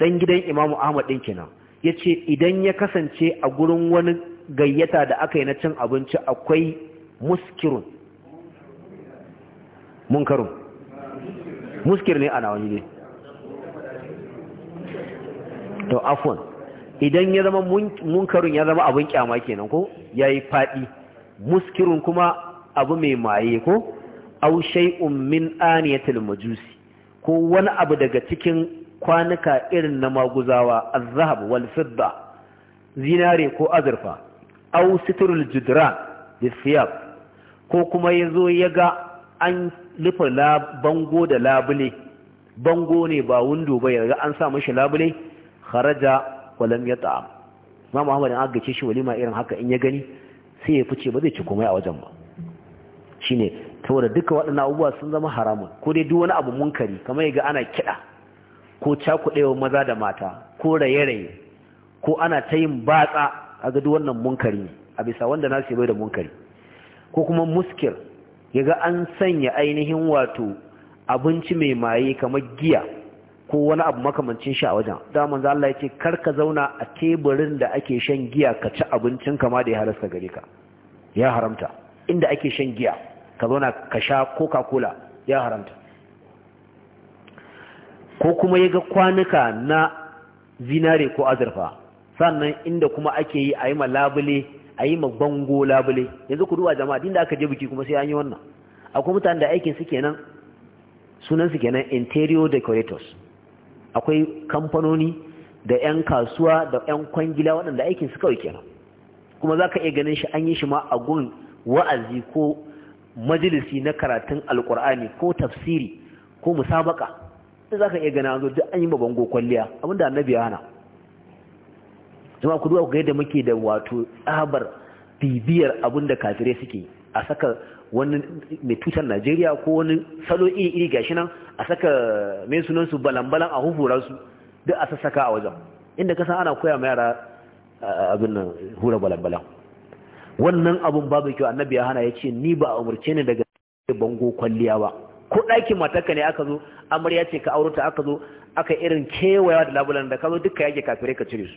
ɗan gidan Imam Ahmad din kenan yace idan ya kasance a gurin wani gayyata da aka yi na cin abinci akwai muskirun munkarun muskir ne ana wani ne to afwan idan ya zama munkarun ya zama abin kyama kenan ko yayi fadi muskirun kuma abu mai maye ko aw shay'un min aniyatil majusi ko wani abu daga cikin kwanuka irin na maguzawa az-zahab wal fidda zinare ko azurfa aw sitrul judran bisiyab ko kuma yazo ya ga an rufe bango da labule bango ne ba wundo ba ya an sa mashi labule kharaja walam ya ta'am ma muhammad an agace shi walima irin haka in ya gani sai ya fice ba zai ci komai a wajen ba shine saboda duka waɗannan abubuwa sun zama haramun ko dai duk wani abu munkari kamar ya ana kiɗa ko cakuɗewa maza da mata ko raye-raye ko ana ta yin batsa a ga duk wannan munkari ne a bisa wanda nasu bai da munkari ko kuma muskir yaga an sanya ainihin wato abinci mai maye kamar giya ko wani abu makamancin shi a wajen da manzo Allah yace karka zauna a teburin da ake shan giya ka ci abincin kama da ya halasta gare ka ya haramta inda ake shan giya ka zauna ka sha coca-cola ya haramta ko kuma yaga kwanuka na zinare ko azurfa sannan inda kuma ake yi a yi labule. a yi ma bango labule yanzu ku duba jama'a din da aka je biki kuma sai an yi wannan akwai mutane da aikin su kenan sunan su kenan interior decorators akwai kamfanoni da 'yan kasuwa da 'yan kwangila waɗanda aikin su kawai kenan kuma za ka iya ganin shi an yi shi ma a gun wa'azi ko majalisi na karatun alkur'ani ko tafsiri ko musabaka za ka iya gana zo duk an yi ma bango kwalliya abinda annabi ya hana jama ku duba ku ga yadda muke da wato tsabar bibiyar abin da kafirai suke a saka wani mai tutar Najeriya ko wani salo iri iri gashi nan a saka mai sunan su balan a hufura su duk a sassaka a wajen inda ka san ana koya ma yara abin nan hura balan wannan abun babu kyau annabi ya hana ya ce ni ba a umarce ni daga bango kwalliya ba ko ɗakin matarka ne aka zo amarya ce ka aurata aka zo aka irin kewaya da labulan da ka zo duka yake kafirai ka cire su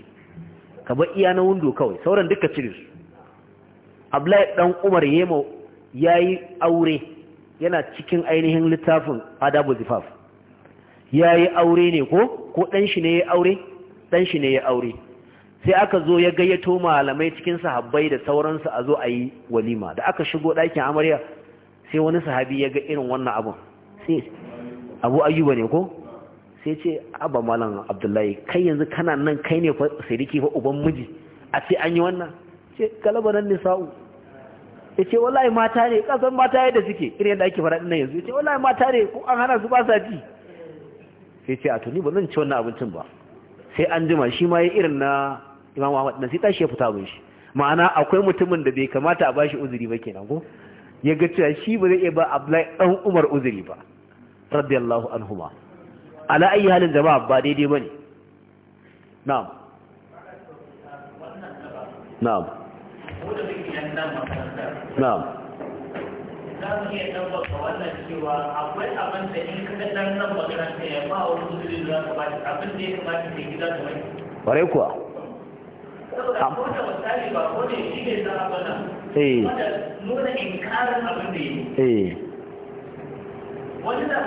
ka iya na wundo kawai sauran duka cire su Abdullahi dan Umar ya yayi aure yana cikin ainihin littafin Adabu Zifaf yayi aure ne ko ko dan shi ne yayi aure dan shi ne yayi aure sai aka zo ya gayyato malamai cikin sahabbai da sauransu a zo a yi walima da aka shigo ɗakin amarya sai wani sahabi ya ga irin wannan abun sai abu ayyuba ne ko sai ce abba malam abdullahi kai yanzu kana nan kai ne siriki fa uban miji a ce an yi wannan ce galaba nan nisa'u ya ce wallahi mata ne kasan mata yadda suke irin yadda ake faraɗin nan yanzu ya ce wallahi mata ne ko an hana su ba sa ji sai ce a tuni ba zan ci wannan abincin ba sai an jima shi ma ya irin na imam ahmad nan sai tashi ya fita mun shi ma'ana akwai mutumin da bai kamata a bashi uzuri ba kenan ko ya ga cewa shi ba zai iya ba abdullahi dan umar uzuri ba radiyallahu anhuma ala ayi halin jama'a ba daidai ba ne na'am na'am na'am za mu iya ɗabbaka wannan ba wani shi kuwa saboda ko da ko da shi ne za a bana eh. nuna inkarin abin da ya yi eh. wani na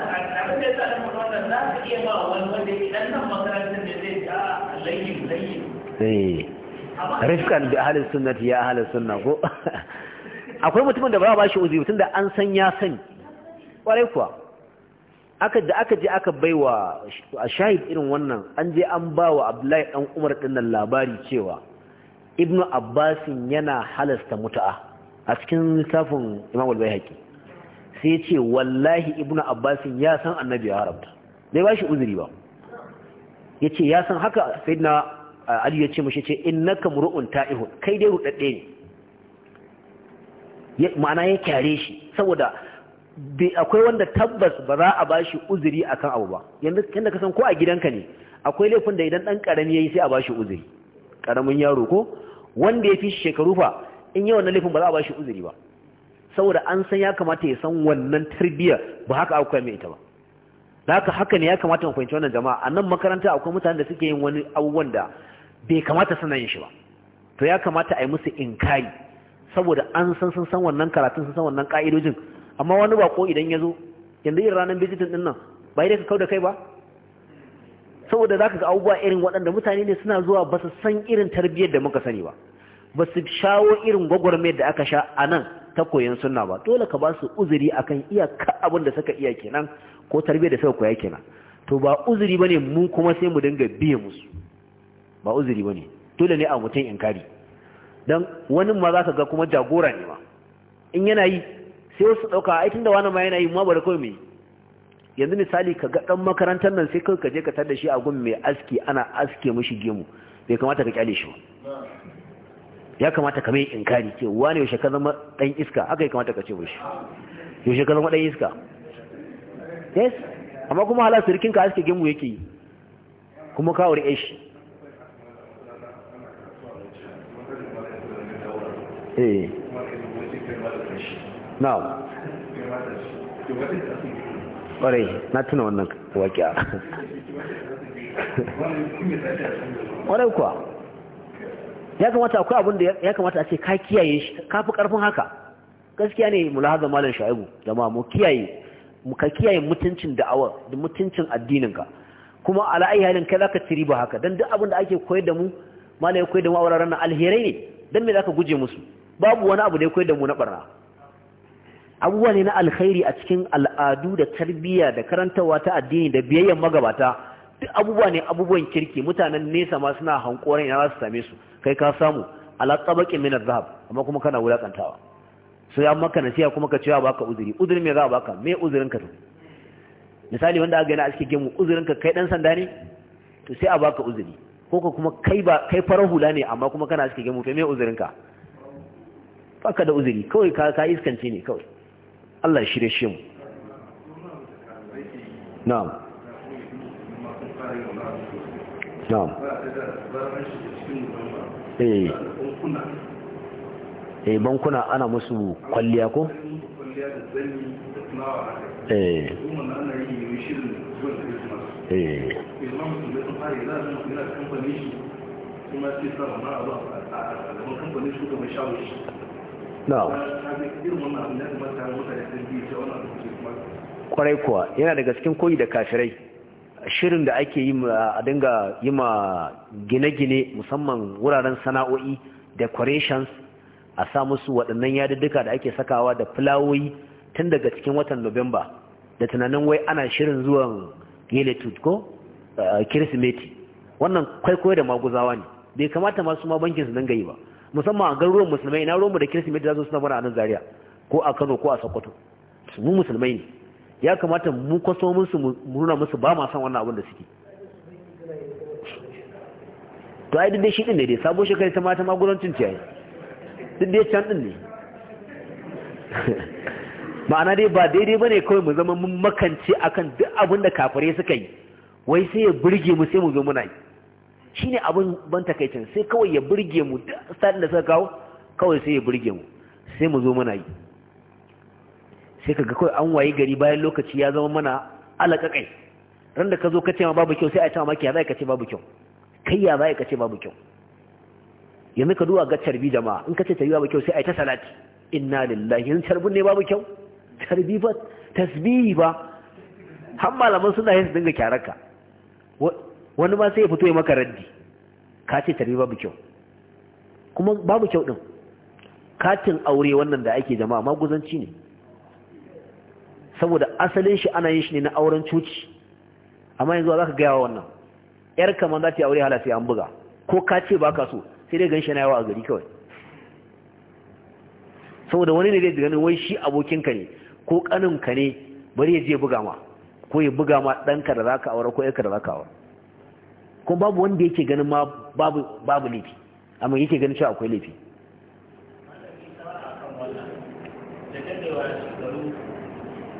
abin da ya sa nan wannan za ka iya ba wani wanda idan nan makarantar da zai ta layin layin eh. rifkan bi ahalin sunnati ya ahalin sunna ko akwai mutumin da ba ba shi uzuri mutum da an san ya sani kwarai kuwa aka da aka je aka baiwa a shahid irin wannan an je an ba wa abdullahi Ɗan umar ɗinnan nan labari cewa ibnu abbasin yana halasta mutu'a a cikin littafin imam al-baihaqi sai ce wallahi ibnu abbasin ya san annabi ya haramta bai bashi uzuri ba yace ya san haka sayyidina uh, ali ya ce mishi ce innaka muru'un ta'ihun kai dai rudadde ne ma'ana ya kyare shi saboda akwai wanda tabbas ba za a bashi uzuri akan abu ba yanzu kanda ka san ko a gidanka ne akwai laifin da idan dan karami yayi sai a bashi uzuri karamin yaro ko wanda ya fi shekaru fa in yawan laifin ba za a bashi uzuri ba saboda an san ya kamata ya san wannan tarbiyyar ba haka akwai mai ita ba da haka haka ne ya kamata mu fahimci wannan jama'a a nan makaranta akwai mutanen da suke yin wani abubuwan da bai kamata suna yin shi ba to ya kamata a yi musu inkari saboda an san sun san wannan karatun sun san wannan ka'idojin amma wani bako idan ya zo yanzu irin ranar bijitin din nan ba dai ka kau da kai ba saboda za ka ga abubuwa irin waɗanda mutane ne suna zuwa ba su san irin tarbiyyar da muka sani ba ba su shawo irin gwagwarmayar da aka sha a nan ta koyan sunna ba dole ka ba su uzuri akan iya kan abin da suka iya kenan ko tarbiyya da suka koya kenan to ba uzuri bane mu kuma sai mu dinga biye musu ba uzuri bane dole ne a mutum inkari dan wani ma zaka ga kuma jagora ne ma in yana yi sai wasu dauka ai tunda wani ma yana yi ma bari kawai mai yanzu misali ka ga dan makarantar nan sai kai ka je ka tar da shi a gun mai aski ana aske mishi gemu bai kamata ka kyale shi ba ya kamata ka mai inkari ce wani yaushe ka zama ɗan iska haka ya kamata ka ce mushi yaushe ka zama ɗan iska yes amma kuma hala sirkin ka aske gemu yake yi kuma ka wuri shi eh na tuna wannan waƙiya ƙwarai kuwa ya kamata akwai abin da ya kamata a ce ka kiyaye shi ka fi karfin haka gaskiya ne mu lahaza malam shaibu jama'a mu kiyaye mu ka kiyaye mutuncin da'awar da mutuncin addininka kuma ala ayi halin kai zaka tiri ba haka dan duk abin da ake koyar da mu malam ya koyar da mu a wuraren nan alherai ne dan me zaka guje musu babu wani abu da ya koyar da mu na barna abubuwa ne na alkhairi a cikin al'adu da tarbiyya da karantarwa ta addini da biyayyen magabata duk abubuwa ne abubuwan kirki mutanen nesa ma suna hankoran ina za su same su kai ka samu ala tabaqin min adh-dhahab amma kuma kana wulakantawa so ya maka nasiha kuma ka cewa baka uzuri uzuri me za a baka me uzurin ka to misali wanda aka gani a cikin gemu uzurin ka kai dan sanda ne to sai a baka uzuri ko ka kuma kai ba kai farar hula ne amma kuma kana cikin gemu kai me uzurin ka baka da uzuri kawai ka ka iskance ne kawai Allah ya shirye shi mu na'am نعم bankuna ana musu kwalliya ko kwarai kuwa yana daga cikin koyi da kafirai shirin da ake yi a dinga yi ma gine-gine musamman wuraren sana'o'i decorations a sa musu waɗannan yadudduka da ake sakawa da fulawoyi tun daga cikin watan Nuwamba da tunanin wai ana shirin zuwan Yeletud ko Kirsimeti wannan kwaikwayo da maguzawa ne bai kamata masu ma bankin su dinga yi ba musamman a garuruwan musulmai ina ruwanmu da Kirsimeti za su suna bara a nan Zaria ko a Kano ko a Sokoto mu musulmai ne ya kamata mu kwaso musu mu nuna musu ba ma san wannan abin da suke to ai dinde shi din ne dai sabo shekari ta mata magudancin ciyayi dinde can din ne ma'ana dai ba daidai bane kawai mu zama mun makance akan duk abin da kafare suka yi wai sai ya burge mu sai mu zo muna yi shine abin ban takaicin sai kawai ya burge mu duk sadin da suka kawo kawai sai ya burge mu sai mu zo muna yi sai kaga kawai an wayi gari bayan lokaci ya zama mana alaƙaƙai ran da ka zo ka ce ma babu kyau sai a ta maki ya zai ka ce babu kyau kai ya zai ka ce babu kyau yanzu ka duwa ga carbi jama'a in ka ce tarbi babu kyau sai a yi ta salati inna lillahi in carbin ne babu kyau carbi ba tasbihi ba har malaman suna yin su dinga kyararka wani ma sai ya fito ya maka raddi ka ce tarbi babu kyau kuma babu kyau din katin aure wannan da ake jama'a maguzanci ne saboda asalin shi ana yin shi ne na auren coci amma yanzu za ka gaya wa wannan yar kamar za ta yi aure hala sai an buga ko ka ce ba ka so sai dai ganshi na yawa a gari kawai saboda wani ne zai ganin wai shi abokinka ne ko kaninka ne bari ya je buga ma ko ya buga ma ɗanka da za ka aure ko ka da za ka aure kuma babu wanda yake ganin ma babu laifi amma yake ganin cewa akwai laifi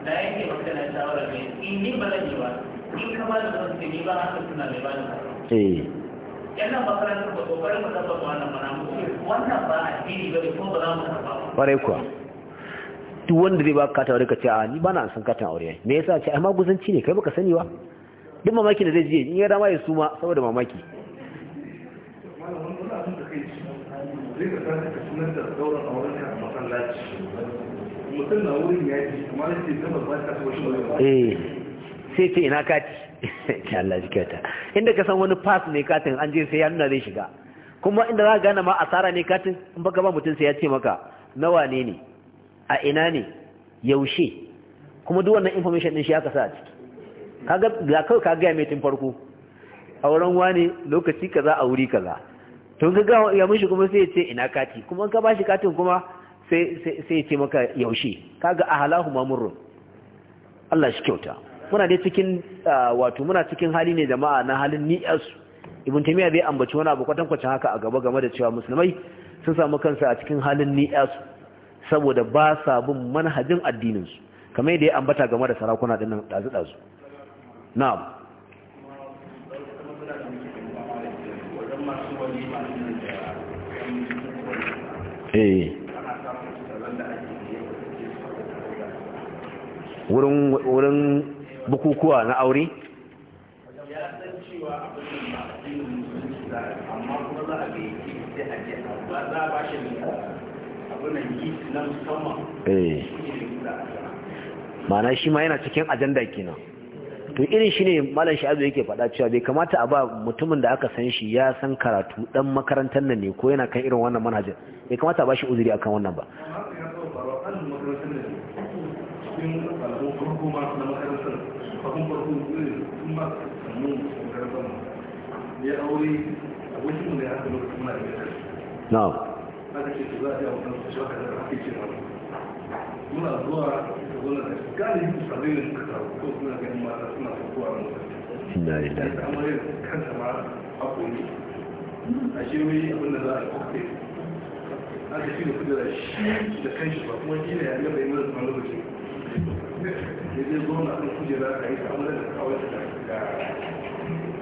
da yake maka na shawarar ne in ni ba zan yi ba in ka ba da wasu ni ba haka suna mai ba da eh yana makarantar ba kokarin mu tabbata wannan mana wannan ba a addini bane ko ba za mu karba ba kwarai kuwa duk wanda zai baka kata aure ka ce a ni bana san katan aure me yasa ce ai ma guzanci ne kai baka sani ba duk mamaki da zai je in ya dama ya suma saboda mamaki wani zai ka sanar da sunan da dauran auren ka masallaci sai ce ina kati ki Allah ji kyauta inda ka san wani pass ne katin an je sai ya nuna zai shiga kuma inda za ka gane ma asara ne katin in baka ba mutum sai ya ce maka nawa ne ne a ina ne yaushe kuma duk wannan information din shi aka sa a ciki kaga ga kai ka ga mai tun farko a wurin wani lokaci kaza a wuri kaza to ka ga ya mishi kuma sai ya ce ina kati kuma ka ba shi katin kuma sai ce maka yaushe kaga ahalahu mamurrun Allah shi kyauta muna dai cikin wato muna cikin hali ne jama'a na halin ni'as ibn tamiya bai ambaci wani abu kwatan kwacin haka a gaba game da cewa musulmai sun samu kansa a cikin halin ni'as saboda ba sa bin manhajin addinin su kamar yadda ya ambata game da sarakuna dinnan dazu dazu na'am eh wurin bukukuwa na aure eh. mana shi ma yana cikin ajanda kenan to irin shi ne malam sha'azu yake faɗa cewa bai kamata a ba mutumin da aka san shi ya san karatu dan makarantar nan ne ko yana kan irin wannan manhajin bai kamata a ba shi uzuri akan wannan ba ya aure abokin mu ne aka lokacin muna da gida na'am aka ce za a yi a wannan su shaka da ake ce ba muna zuwa da wannan da gani su sabai ne suka taru ko suna ganin mata suna fitowa da mutane inna lillahi da amurin kanta ma hakuri a shi wai abin da za a da cocktail aka shi da kudura shi da kanshi ba kuma shi ne ya gaba yi mana zama lokaci da zai zo na kan kujera a yi samun da kawai da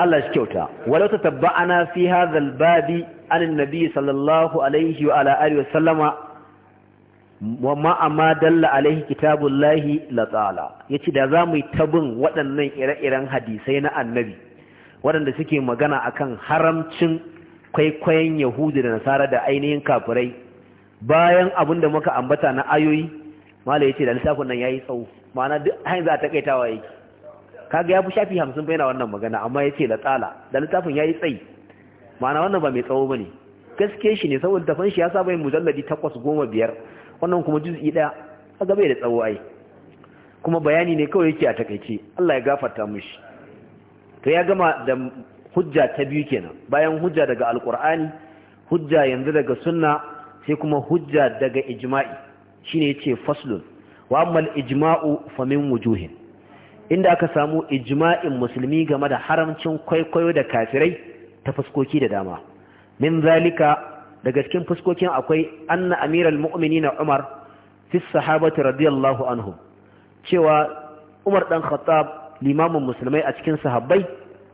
Allah shi kyauta wala ta tabba'ana fi hadhal babi an annabi sallallahu alaihi wa ala alihi wa sallama wa ma amma dalla alaihi kitabullahi la ta'ala yace da zamu yi tabin waɗannan ire-iren hadisai na annabi waɗanda suke magana akan haramcin kwaikwayon yahudi da nasara da ainihin kafirai bayan abin da muka ambata na ayoyi ya yace da lissafin nan yayi tsawo ma'ana duk hanyar za ta kaitawa yake kaga ya fi shafi hamsin bai na wannan magana amma ya ce da tsala da littafin ya yi tsayi ma'ana wannan ba mai tsawo ba ne gaske shi ne saboda tafan shi ya saba yin mujalladi takwas goma biyar wannan kuma juz'i ɗaya a gaba da tsawo ai kuma bayani ne kawai yake a takaice Allah ya gafarta shi. to ya gama da hujja ta biyu kenan bayan hujja daga alkur'ani hujja yanzu daga sunna sai kuma hujja daga ijma'i shine yace faslun wa amma al-ijma'u famin wujuhin inda aka samu ijma'in musulmi game da haramcin kwaikwayo da kafirai ta fuskoki da dama min zalika daga cikin fuskokin akwai anna amiral na umar fi sahabati radiyallahu anhu cewa umar dan khattab limamin musulmai a cikin sahabbai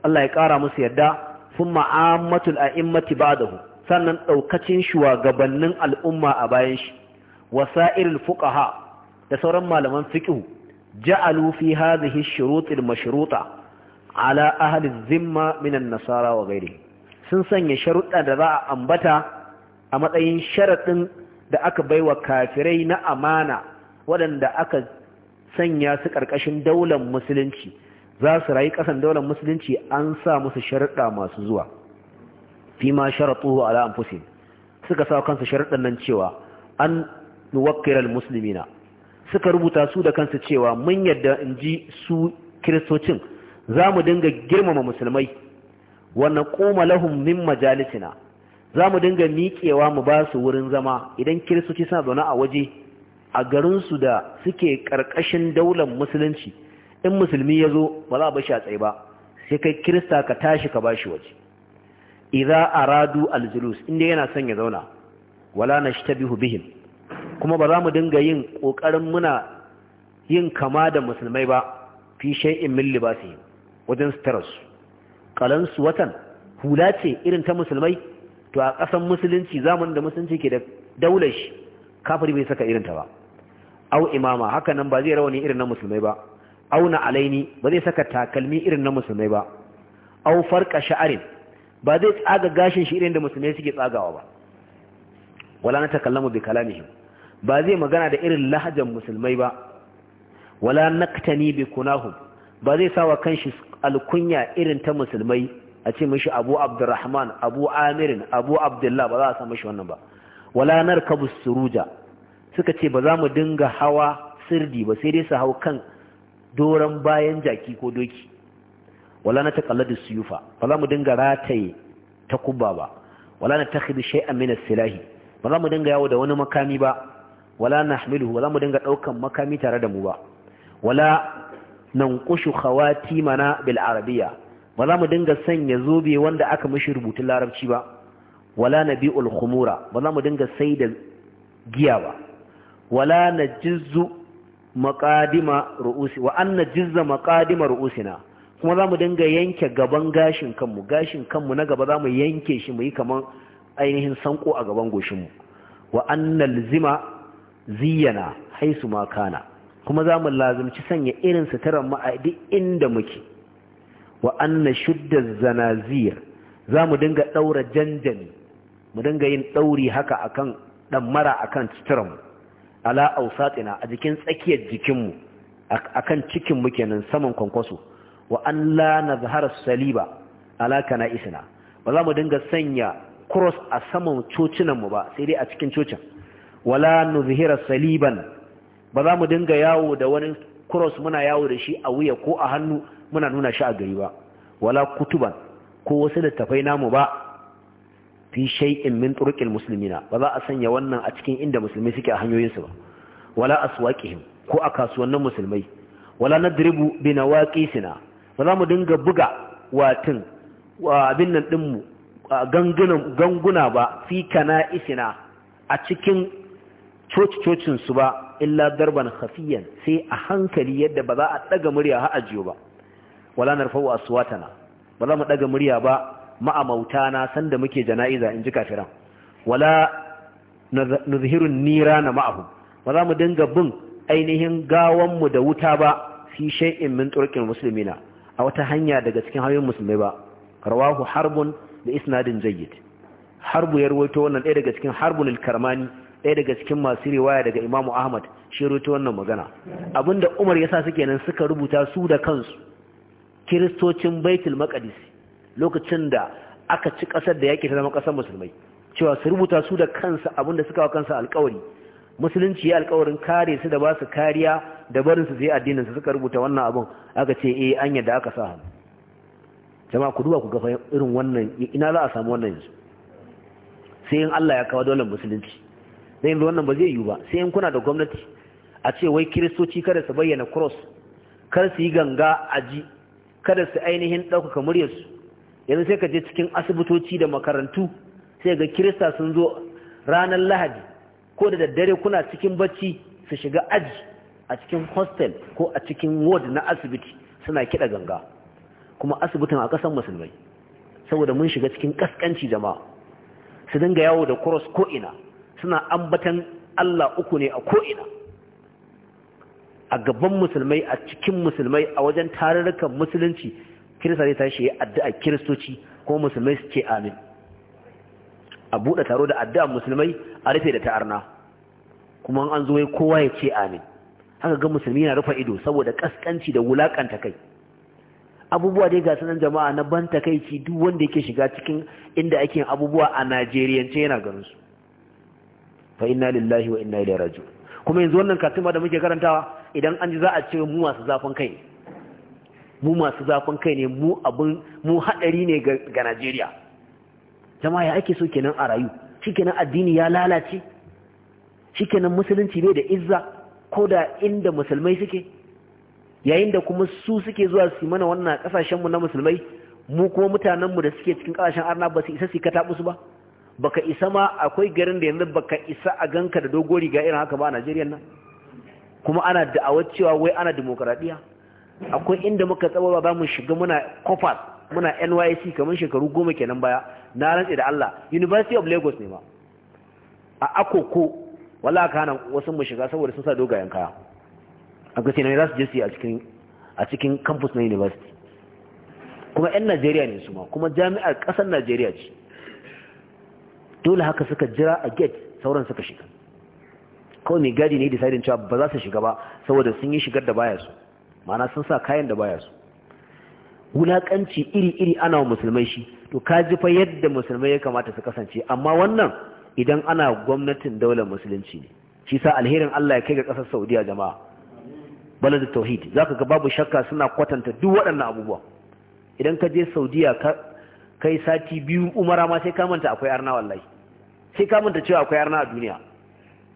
Allah ya kara musu yadda sun ma'ammatul a'immati ba'dahu sannan daukacin shugabannin al'umma a bayan shi wasairul fuqaha da sauran malaman fiqh ja'alu fi hadhihi ash-shurut al ala ahli adh-dhimma nasara wa ghayrihim sun sanya sharuɗa da za a ambata a matsayin sharaɗin da aka baiwa kafirai na amana waɗanda aka sanya su ƙarƙashin daular musulunci za su rayu ƙasan daular musulunci an sa musu sharuɗa masu zuwa fi ma sharaɗuhu ala anfusihim suka sa kansu sharuɗa nan cewa an nuwakkira almuslimina suka rubuta su da kansu cewa mun yadda in ji su kiristocin za mu dinga girmama musulmai wannan koma lahum min majalisina za mu dinga miƙewa mu ba su wurin zama idan kiristoci suna zaune a waje a garinsu da suke ƙarƙashin daular musulunci in musulmi ya zo ba za a bashi a tsaye ba sai kai kirista ka tashi ka bashi waje idza aradu aljulus inda yana son ya zauna wala nashtabihu bihim kuma ba za mu dinga yin ƙoƙarin muna yin kama da musulmai ba fi shay'in min yi. wajen sutararsu kalansu watan hula ce irin ta musulmai to a ƙasan musulunci zamanin da musulunci ke da daular shi bai saka irinta ba au imama haka nan ba zai rawani irin na musulmai ba au na alaini ba zai saka takalmi irin na musulmai ba au farka sha'arin ba zai tsaga gashin shi irin da musulmai suke tsagawa ba wala na takallamu bi kalamihim ba zai magana da irin lahajan musulmai ba wala naktani bi kunahum ba zai sawa kanshi alkunya irin ta musulmai a ce mishi abu abdurrahman abu amirin abu abdullah ba za a sa mishi wannan ba wala narkabu suruja suka ce ba za mu dinga hawa sirdi ba sai dai su hau kan doron bayan jaki ko doki wala na taqalladu suyufa ba za mu dinga rataye takubba ba wala na takhidhu shay'an min as-silahi ba za mu dinga yawo da wani makami ba wala nahmiluhu wala mu dinga daukan makami tare da mu ba wala nanqushu na bil arabiyya wala mu dinga sanya zobe wanda aka mishi rubutun larabci ba wala nabi'ul khumura wala mu dinga sai da giya ba wala Jizzu Makadima ru'usi wa anna jizza Makadima ru'usina kuma za mu dinga yanke gaban gashin kanmu gashin kanmu na gaba za mu yanke shi mu yi kamar ainihin sanko a gaban goshinmu wa annal zima ziyana haisu ma kana kuma za mu lazumci sanya irin suturar mu a duk inda muke wa anna shudda zanazir za mu dinga ɗaura janjani mu dinga yin ɗauri haka akan ɗammara akan suturar mu ala ausatina a jikin tsakiyar jikinmu akan cikin muke nan saman kwankwaso wa an la nazhara saliba ala kana isna ba za mu dinga sanya cross a saman cocinan mu ba sai dai a cikin cocin wala nuzhira saliban ba za mu dinga yawo da wani cross muna yawo da shi a wuya ko a hannu muna nuna shi a gari ba wala kutuban ko wasu littafai namu ba fi shay'in min turqil muslimina ba za a sanya wannan a cikin inda musulmai suke a hanyoyinsu ba wala aswaqihim ko a kasuwannin musulmai wala nadribu bi nawaqisina ba za mu dinga buga watin abin nan dinmu gangunan ganguna ba fi kana isina a cikin coci-cocinsu ba illa darban hafiyan sai a hankali yadda ba za a ɗaga murya ha ajiyo ba wala narfau aswatana ba za mu ɗaga murya ba ma'amautana sanda muke jana'iza in ji kafiran wala nuzhirun nirana ma'ahu ba za mu dinga bin ainihin mu da wuta ba fi shay'in min turqin muslimina a wata hanya daga cikin hanyoyin musulmai ba rawahu harbun da isnadin jayyid harbu ya rawaito wannan ɗaya daga cikin harbun al-karmani ɗaya daga cikin masu riwaya daga imamu ahmad shi rute wannan magana abinda umar ya sa suke nan suka rubuta su da kansu kiristocin baitul maqdis lokacin da aka ci ƙasar da yake ta zama ƙasar musulmai cewa su rubuta su da kansu abinda suka wa kansu alƙawari musulunci ya alƙawarin kare su da ba su kariya da barin su zai addinin su suka rubuta wannan abin aka ce eh an yadda aka sa hannu jama'a ku duba ku ga irin wannan ina za a samu wannan yanzu sai in Allah ya kawo dole musulunci na yanzu wannan ba zai yiwu ba sai in kuna da gwamnati a ce wai kiristoci kada su bayyana cross kada su yi ganga a ji kada su ainihin ɗaukaka muryarsu yanzu sai ka je cikin asibitoci da makarantu sai ga kirista sun zo ranar lahadi ko da daddare kuna cikin bacci su shiga aji a cikin hostel ko a cikin ward na asibiti suna kiɗa ganga kuma asibitin a ƙasan musulmai saboda mun shiga cikin ƙasƙanci jama'a su dinga yawo da cross ko ina suna ambatan Allah uku ne a ko'ina a gaban musulmai a cikin musulmai a wajen tarurrukan musulunci kirista zai tashi ya addu'a kiristoci ko musulmai su ce amin a buɗe taro da addu'a musulmai a rufe da ta'arna kuma an zo kowa ya ce amin haka ga musulmi yana rufe ido saboda kaskanci da wulaƙanta kai abubuwa dai ga sanan jama'a na ban takaici duk wanda yake shiga cikin inda ake abubuwa a Najeriyance yana ganinsu. fa inna lillahi wa inna ilaihi raji'un kuma yanzu wannan katima da muke karantawa idan an ji za a ce mu masu zafin kai ne mu masu zafin kai ne mu abin mu hadari ne ga Najeriya jama'a ya ake so kenan a rayu shikenan addini ya lalace shikenan musulunci bai da izza ko da inda musulmai suke yayin da kuma su suke zuwa su mana wannan kasashen mu na musulmai mu kuma mutanen mu da suke cikin kasashen arna ba su isa su kata su ba baka isa ma akwai garin da yanzu baka isa a ganka da dogon riga irin haka ba a Najeriya nan kuma ana da'awar cewa wai ana demokradiya akwai inda muka tsaba ba mu shiga muna kofar muna NYC kamar shekaru goma kenan baya na rantse da Allah University of Lagos ne ma a Akoko wala ka hana wasu mu shiga saboda sun sa dogayen kaya a gaske ne za su je su a cikin a cikin campus na university kuma 'yan Najeriya ne su ma kuma jami'ar ƙasar Najeriya ce dole haka suka jira a gate sauran suka shiga kawai mai gadi ne sadin cewa ba za su shiga ba saboda sun yi shigar da baya su ma'ana sun sa kayan da baya su wulakanci iri-iri ana wa musulmai shi to ka ji fa yadda musulmai ya kamata su kasance amma wannan idan ana gwamnatin daular musulunci ne shi sa alherin Allah ya kai ga ƙasar Saudiya jama'a Bala balad tauhid zaka ga babu shakka suna kwatanta duk waɗannan abubuwa idan ka je Saudiya kai sati biyu umara ma sai ka manta akwai arna wallahi sai ka manta cewa akwai arna a duniya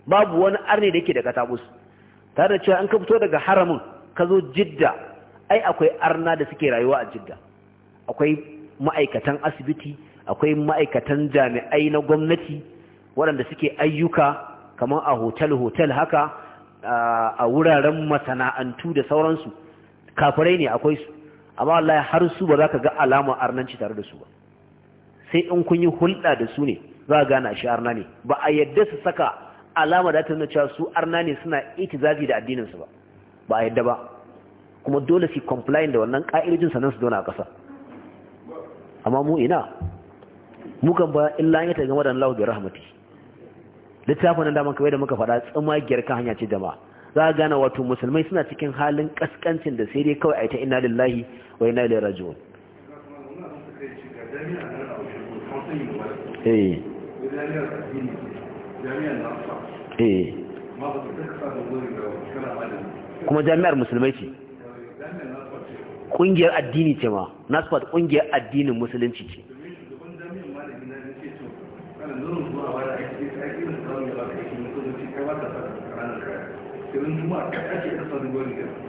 babu wani arne da yake daga tabus tare da cewa an ka fito daga haramin ka zo jidda ai akwai arna da suke rayuwa a jidda akwai ma'aikatan asibiti akwai ma'aikatan jami'ai na gwamnati waɗanda suke ayyuka kamar a hotel-hotel haka a wuraren masana'antu da sauransu kafirai ne akwai su amma Allah har su ba za ka ga alama arnanci tare da su ba sai in kun yi hulɗa da su ne za a gane shi arna ne ba a yadda su saka alama da ta nuna cewa su arna ne suna itizazi da addininsu ba ba a yadda ba kuma dole su complying da wannan ka'idojin sannan su dona a ƙasa amma mu ina mukan ba illa ya ta gama da Allah bi rahmati littafin nan da man kawai da muka faɗa tsamagiyar kan hanya ce jama'a za a gane wato musulmai suna cikin halin kaskancin da sai dai kawai a yi ta ina lillahi wa ina ilaihi raji'un Hey. Eh. kuma jami'ar musulmai ce ƙungiyar addini ce ma nasfad ƙungiyar addinin musulunci ce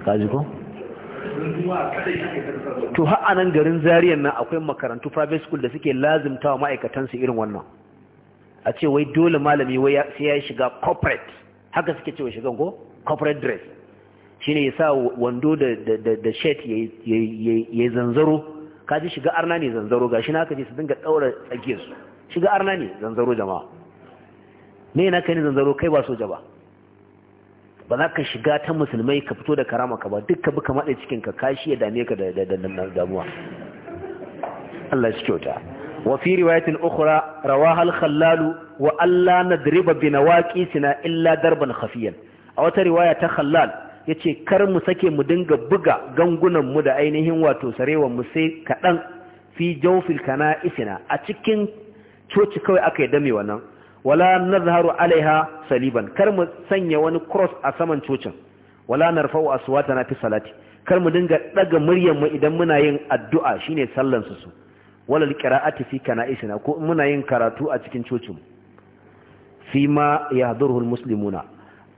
kaji ko? to ha'anan garin zariyan nan akwai makarantu private school da suke lazimtawa ma'aikatansu irin wannan a ce wai dole malami wai sai ya shiga corporate haka suke cewa shigan ko corporate dress shine ya sa wando da da da shirt ya zanzaro kaji shiga arna ne zanzaro gashi na kaje su dinga daura tsage su shiga arna ne zanzaro jama'a me na kai ne zanzaro kai ba soja ba ba za ka shiga ta musulmai ka fito da karama ka ba duk ka bi ka maɗe cikin ka kashi ya dame ka da damuwa Allah shi kyauta rawa har وفي رواية أخرى رواها الخلال illa darban بنواكيسنا A wata riwaya ta رواية ya ce kar mu sake mu dinga buga gangunan mu da ainihin wato sarewar mu sai kaɗan fi jawfil kana'isina a cikin coci kawai aka yi dame wannan wala nazharu alaiha saliban kar mu sanya wani cross a saman cocin wala narfa'u aswatana fi salati kar mu dinga ɗaga muryar mu idan muna yin addu'a shine sallan su wala alqira'ati fi kana'isina ko muna yin karatu a cikin cocin fi ma yahduruhu almuslimuna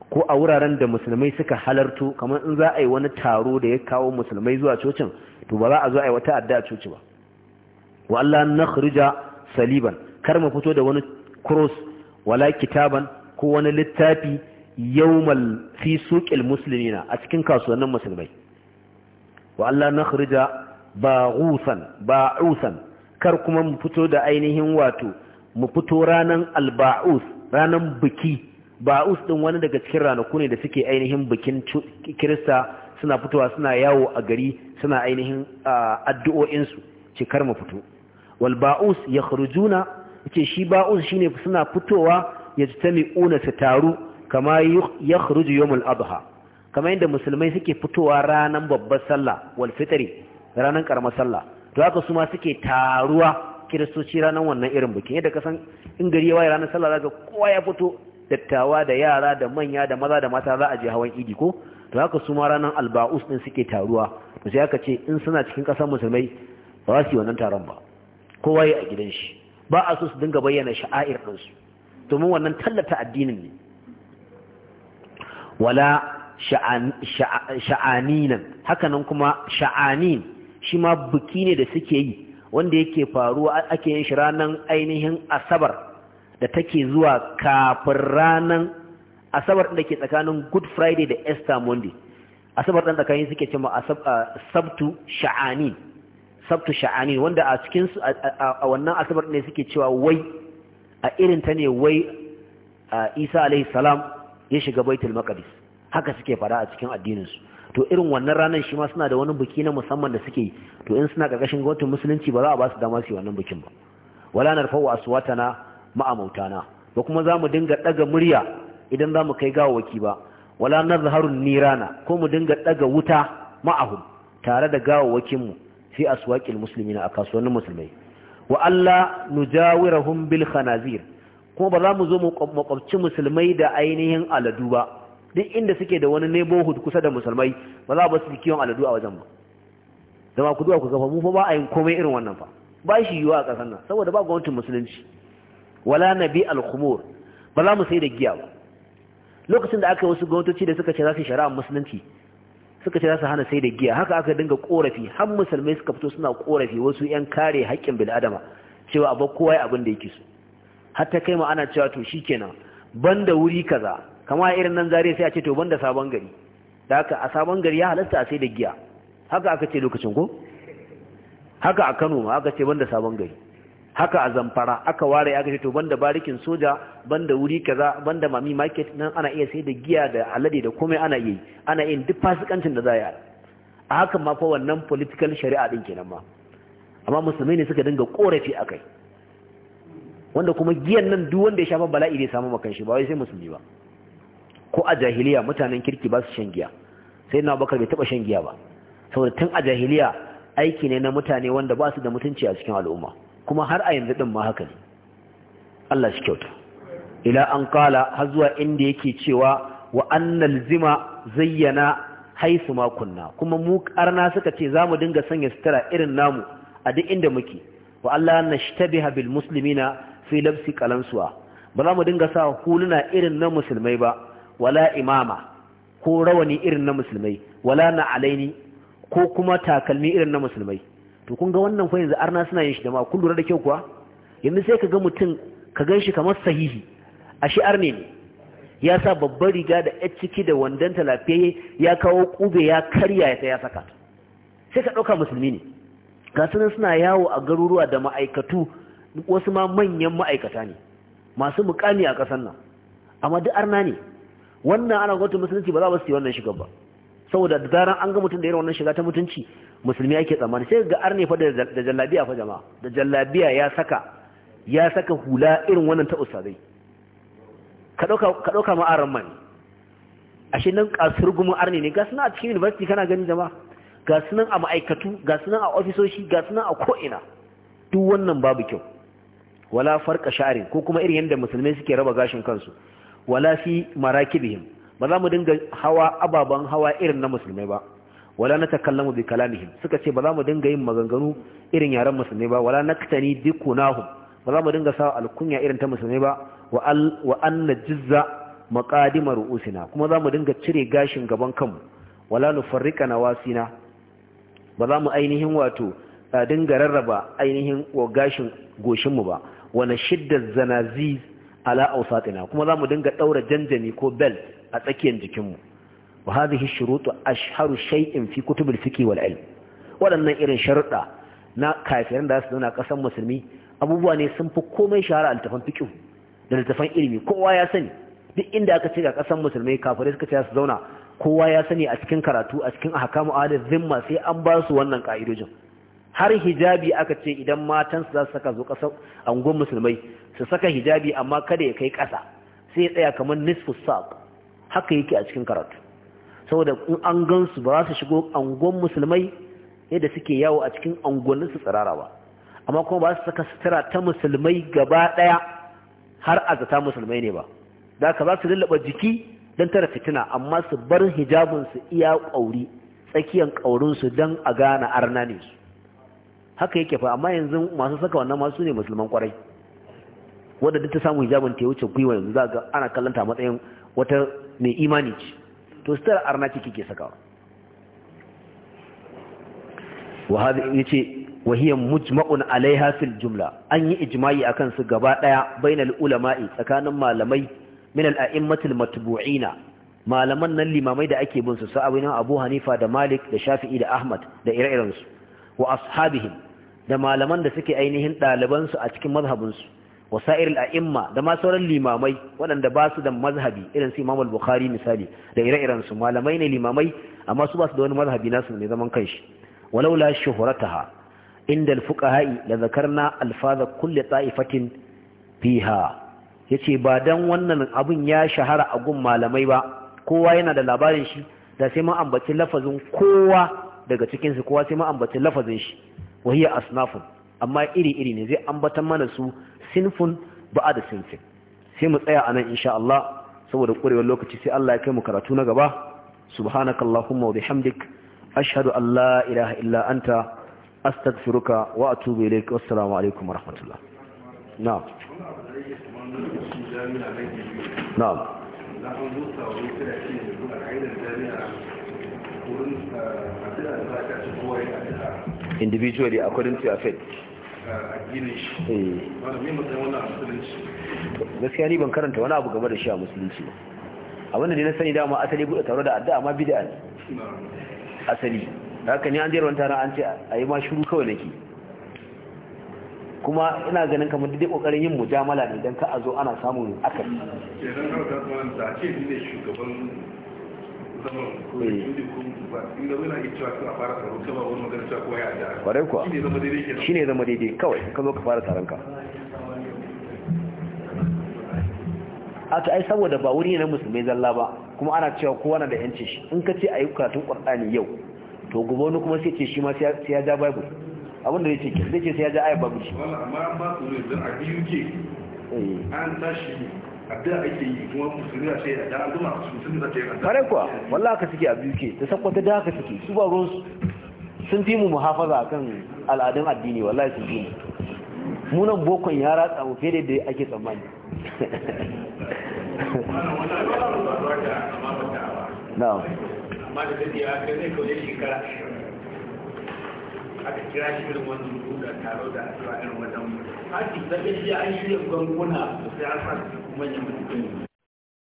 ko a wuraren da musulmai suka halarto kamar in za a yi wani taro da ya kawo musulmai zuwa cocin to ba za a zo a yi wata adda a coci ba wa Allah nakhrija saliban kar mu fito da wani cross wala kitaban ko wani littafi yawmal fi suqil muslimina a cikin kasuwannin musulmai wa Allah nakhrija ba'usan ba'usan kar kuma mu fito da ainihin wato mu fito ranan alba'us ranan biki ba'us din wani daga cikin ranaku ne da suke ainihin bikin kirista suna fitowa suna yawo a gari suna ainihin addu'o'insu ce kar mu fito wal ba'us yakhrujuna yace shi ba'us shine suna fitowa ya una su taru kama yakhruju yawmul adha kama inda musulmai suke fitowa ranan babbar sallah wal fitri ranan karamar sallah to haka su ma suke taruwa kiristoci ranar wannan irin bikin yadda kasan in gari ya waye ranar sallah zaka kowa ya fito dattawa da yara da manya da maza da mata za a je hawan idi ko to haka su ma ranar alba'us din suke taruwa to sai aka ce in suna cikin kasar musulmai ba za su yi wannan taron ba kowa ya a gidan shi ba a so su dinga bayyana sha'air ɗinsu domin wannan tallata addinin ne wala sha'aninan hakanan kuma sha'anin shi ma biki ne da suke yi wanda yake faruwa ake yin shi ranar ainihin asabar da take zuwa kafin ranar asabar da ke tsakanin good friday da easter monday asabar ɗan tsakanin suke cewa sabtu sha'ani sabtu sha'ani wanda a cikin a wannan asabar ne suke cewa wai a irin ta ne wai isa alaihi salam ya shiga baitul maqdis haka suke fara a cikin addininsu to irin wannan ranar shi ma suna da wani biki na musamman da suke yi to in suna ƙarƙashin gwamnatin musulunci ba za a ba su dama su yi wannan bikin ba wala narfa'u aswatana ma'amautana ba kuma za mu dinga ɗaga murya idan za mu kai gawawaki ba wala nazharun nirana ko mu dinga ɗaga wuta ma'ahum tare da gawawakin mu fi aswaqil muslimina a kasuwannin musulmai wa Allah nujawirahum bil khanazir kuma ba za mu zo mu makwabci musulmai da ainihin aladu ba duk inda suke da wani neighborhood kusa da musulmai ba za a basu kiwon aladu a wajen ba zama ku duwa ku gafa mu fa ba a yin komai irin wannan fa ba shi yiwa a ƙasar nan saboda ba gwamnatin musulunci wala nabi al-khumur ba za mu sai da giya ba lokacin da aka yi wasu gwamnatoci da suka ce za su shari'a musulunci suka ce za su hana sai da giya haka aka dinga korafi har musulmai suka fito suna korafi wasu yan kare haƙƙin bil'adama cewa abu kowa abin da yake so har ta kai ma ana cewa to shikenan da wuri kaza kama irin nan zare sai a ce to banda sabon gari da haka a sabon gari ya halasta a sai da giya haka aka ce lokacin ko haka a Kano aka ce banda sabon gari haka a Zamfara aka ware aka ce to banda barikin soja banda wuri kaza banda mami market nan ana iya sai da giya da alade da komai ana yi ana yin duk fasikancin da za yi. a hakan ma fa wannan political shari'a din kenan ma amma musulmai ne suka dinga korafi akai wanda kuma giyan nan duk wanda ya shafa bala'i ne samu makan shi ba wai sai musulmi ba ko a jahiliya mutanen kirki ba su shan giya sai na bakar bai taba shan giya ba saboda tun a jahiliya aiki ne na mutane wanda ba su da mutunci a cikin al'umma kuma har a yanzu din ma haka ne Allah shi kyauta ila an kala har zuwa inda yake cewa wa annal zima zayyana haisu ma kuma mu karna suka ce za mu dinga sanya sutura irin namu a duk inda muke wa Allah na shtabiha bil muslimina fi labsi kalansuwa ba za mu dinga sa huluna irin na musulmai ba wala imama ko rawani irin na musulmai wala na alaini ko kuma takalmi irin na musulmai to kun ga wannan fa yanzu arna suna yin shi da ma kun lura da kyau kuwa yanzu sai ka ga mutum ka gan shi kamar sahihi a shi arne ne ya sa babbar riga da yar ciki da wandon talafiyayye ya kawo ƙube ya karya ya ta ya saka sai ka ɗauka musulmi ne ga suna yawo a garuruwa da ma'aikatu wasu ma manyan ma'aikata ne masu mukami a ƙasar nan amma duk arna ne wannan ana gwamnatin musulunci ba za ba su yi wannan shigar ba saboda da zaran an ga mutum da irin wannan shiga ta mutunci musulmi ake tsammani sai ga arne fa da jallabiya fa jama'a da jallabiya ya saka ya saka hula irin wannan ta ustazai ka dauka ka dauka ma aran man ashe nan kasur gumu arne ne ga suna a cikin university kana gani jama'a ga suna a ma'aikatu ga suna a ofisoshi ga suna a ko'ina duk wannan babu kyau wala farka sha'arin ko kuma irin yadda musulmai suke raba gashin kansu wala fi marakibihim ba za mu dinga hawa ababan hawa irin na musulmai ba wala na takallamu bi kalamihim suka ce ba za mu dinga yin maganganu irin yaren musulmai ba wala na katani dikunahum ba za mu dinga sa alkunya irin ta musulmai ba wa an jizza maqadima ru'usina kuma za mu dinga cire gashin gaban kanmu wala nu nufarrika nawasina ba za mu ainihin wato eh, dinga rarraba ainihin gashin mu ba na shidda zanaziz ala awsatina kuma zamu dinga daura janjani ko bel a tsakiyar jikinmu wa hadhihi shurutu ashharu shay'in fi kutubil fiqh wal ilm waɗannan irin sharuɗa na kafirin da su zauna kasan musulmi abubuwa ne sun fi komai shahara a littafan fiqh da ilimi kowa ya sani duk inda aka ce ga ƙasar musulmai kafirai suka ce su zauna kowa ya sani a cikin karatu a cikin ahkamu adad zimma sai an ba su wannan ka'idojin har hijabi aka ce idan matan su za su saka zo ƙasar angon musulmai su saka hijabi amma kada ya kai ƙasa sai ya tsaya kamar nisfu saq haka yake a cikin karatu saboda in an gan su ba su shigo angon musulmai yadda suke yawo a cikin angonin su tsirara ba amma kuma ba su saka sutura ta musulmai gaba ɗaya har a zata musulmai ne ba da ka za su lullaba jiki don tara fitina amma su bar hijabinsu iya ƙauri tsakiyar ƙaurinsu don a gane arna ne su haka yake fa amma yanzu masu saka wannan masu ne musulman kwarai wanda duk ta samu hijabin ta wuce gwiwa yanzu za ga ana kallon ta matsayin wata mai imani ce to sitar arna ce kike sakawa wa hada yace wa hiya mujma'un alaiha fil jumla an yi ijma'i akan su gaba daya bainal ulama'i tsakanin malamai min al a'immatil matbu'ina malaman nan limamai da ake bin su sa'awin Abu Hanifa da Malik da Shafi'i da Ahmad da ire-iren su wa ashabihim da malaman da suke ainihin ɗalibansu a cikin mazhabinsu wasa'ir al'imma da ma sauran limamai waɗanda ba su da mazhabi irin su Imam bukhari misali da ire-iren su malamai ne limamai amma su ba su da wani mazhabi nasu ne zaman kanshi walau la shuhurataha inda al-fuqaha'i la zakarna alfaza kulli ta'ifatin fiha yace ba dan wannan abun ya shahara a gun malamai ba kowa yana da labarin shi da sai mun ambaci lafazin kowa daga cikin su kowa sai mun ambaci lafazin shi wahiya asnafun amma iri-iri ne zai ambatan mana su sinfun ba'a da sinfin sai mu tsaya anan insha Allah saboda kurewar lokaci sai Allah ya kai mu karatu na gaba subhanakallahumma wa bihamdik ashhadu an la ilaha illa anta astaghfiruka wa atubu ilaik wassalamu alaikum wa rahmatullah na'am na'am individually according to your faith addinin eh. ni ban karanta wani abu game da shi a musulunci ba abin da na sani dama asali buɗe taro da addu'a ma bid'a ne asali haka ni an jera wani taron an ce a yi ma shiru kawai nake kuma ina ganin kamar daidai kokarin yin mujamala ne don ka a zo ana samun akari kwarai kuwa shi ne zama daidai kawai ka zo ka fara taron ka a ta ai saboda ba wuri na musulmi zalla ba kuma ana cewa kowa na da yanci shi in ka ce a yi karatun ƙwarɗani yau to gobe wani kuma sai ce shi ma sai ya ja bible abinda zai ce ke zai ce sai ya ja ayat babu shi an tashi addu'a ake ta musulmi kare kuwa wallahi ka suke a biyu ke ta sakwata da haka suke su ba ruwan sun fi mu muhafaza akan al'adun addini wallahi sun fi mu munan bokon ya ratsa mu fere da ake tsammani na'am aka kira shi irin wannan da taro da addu'a irin wannan har ki da shi an shirya ganguna sai an sa manyan mutum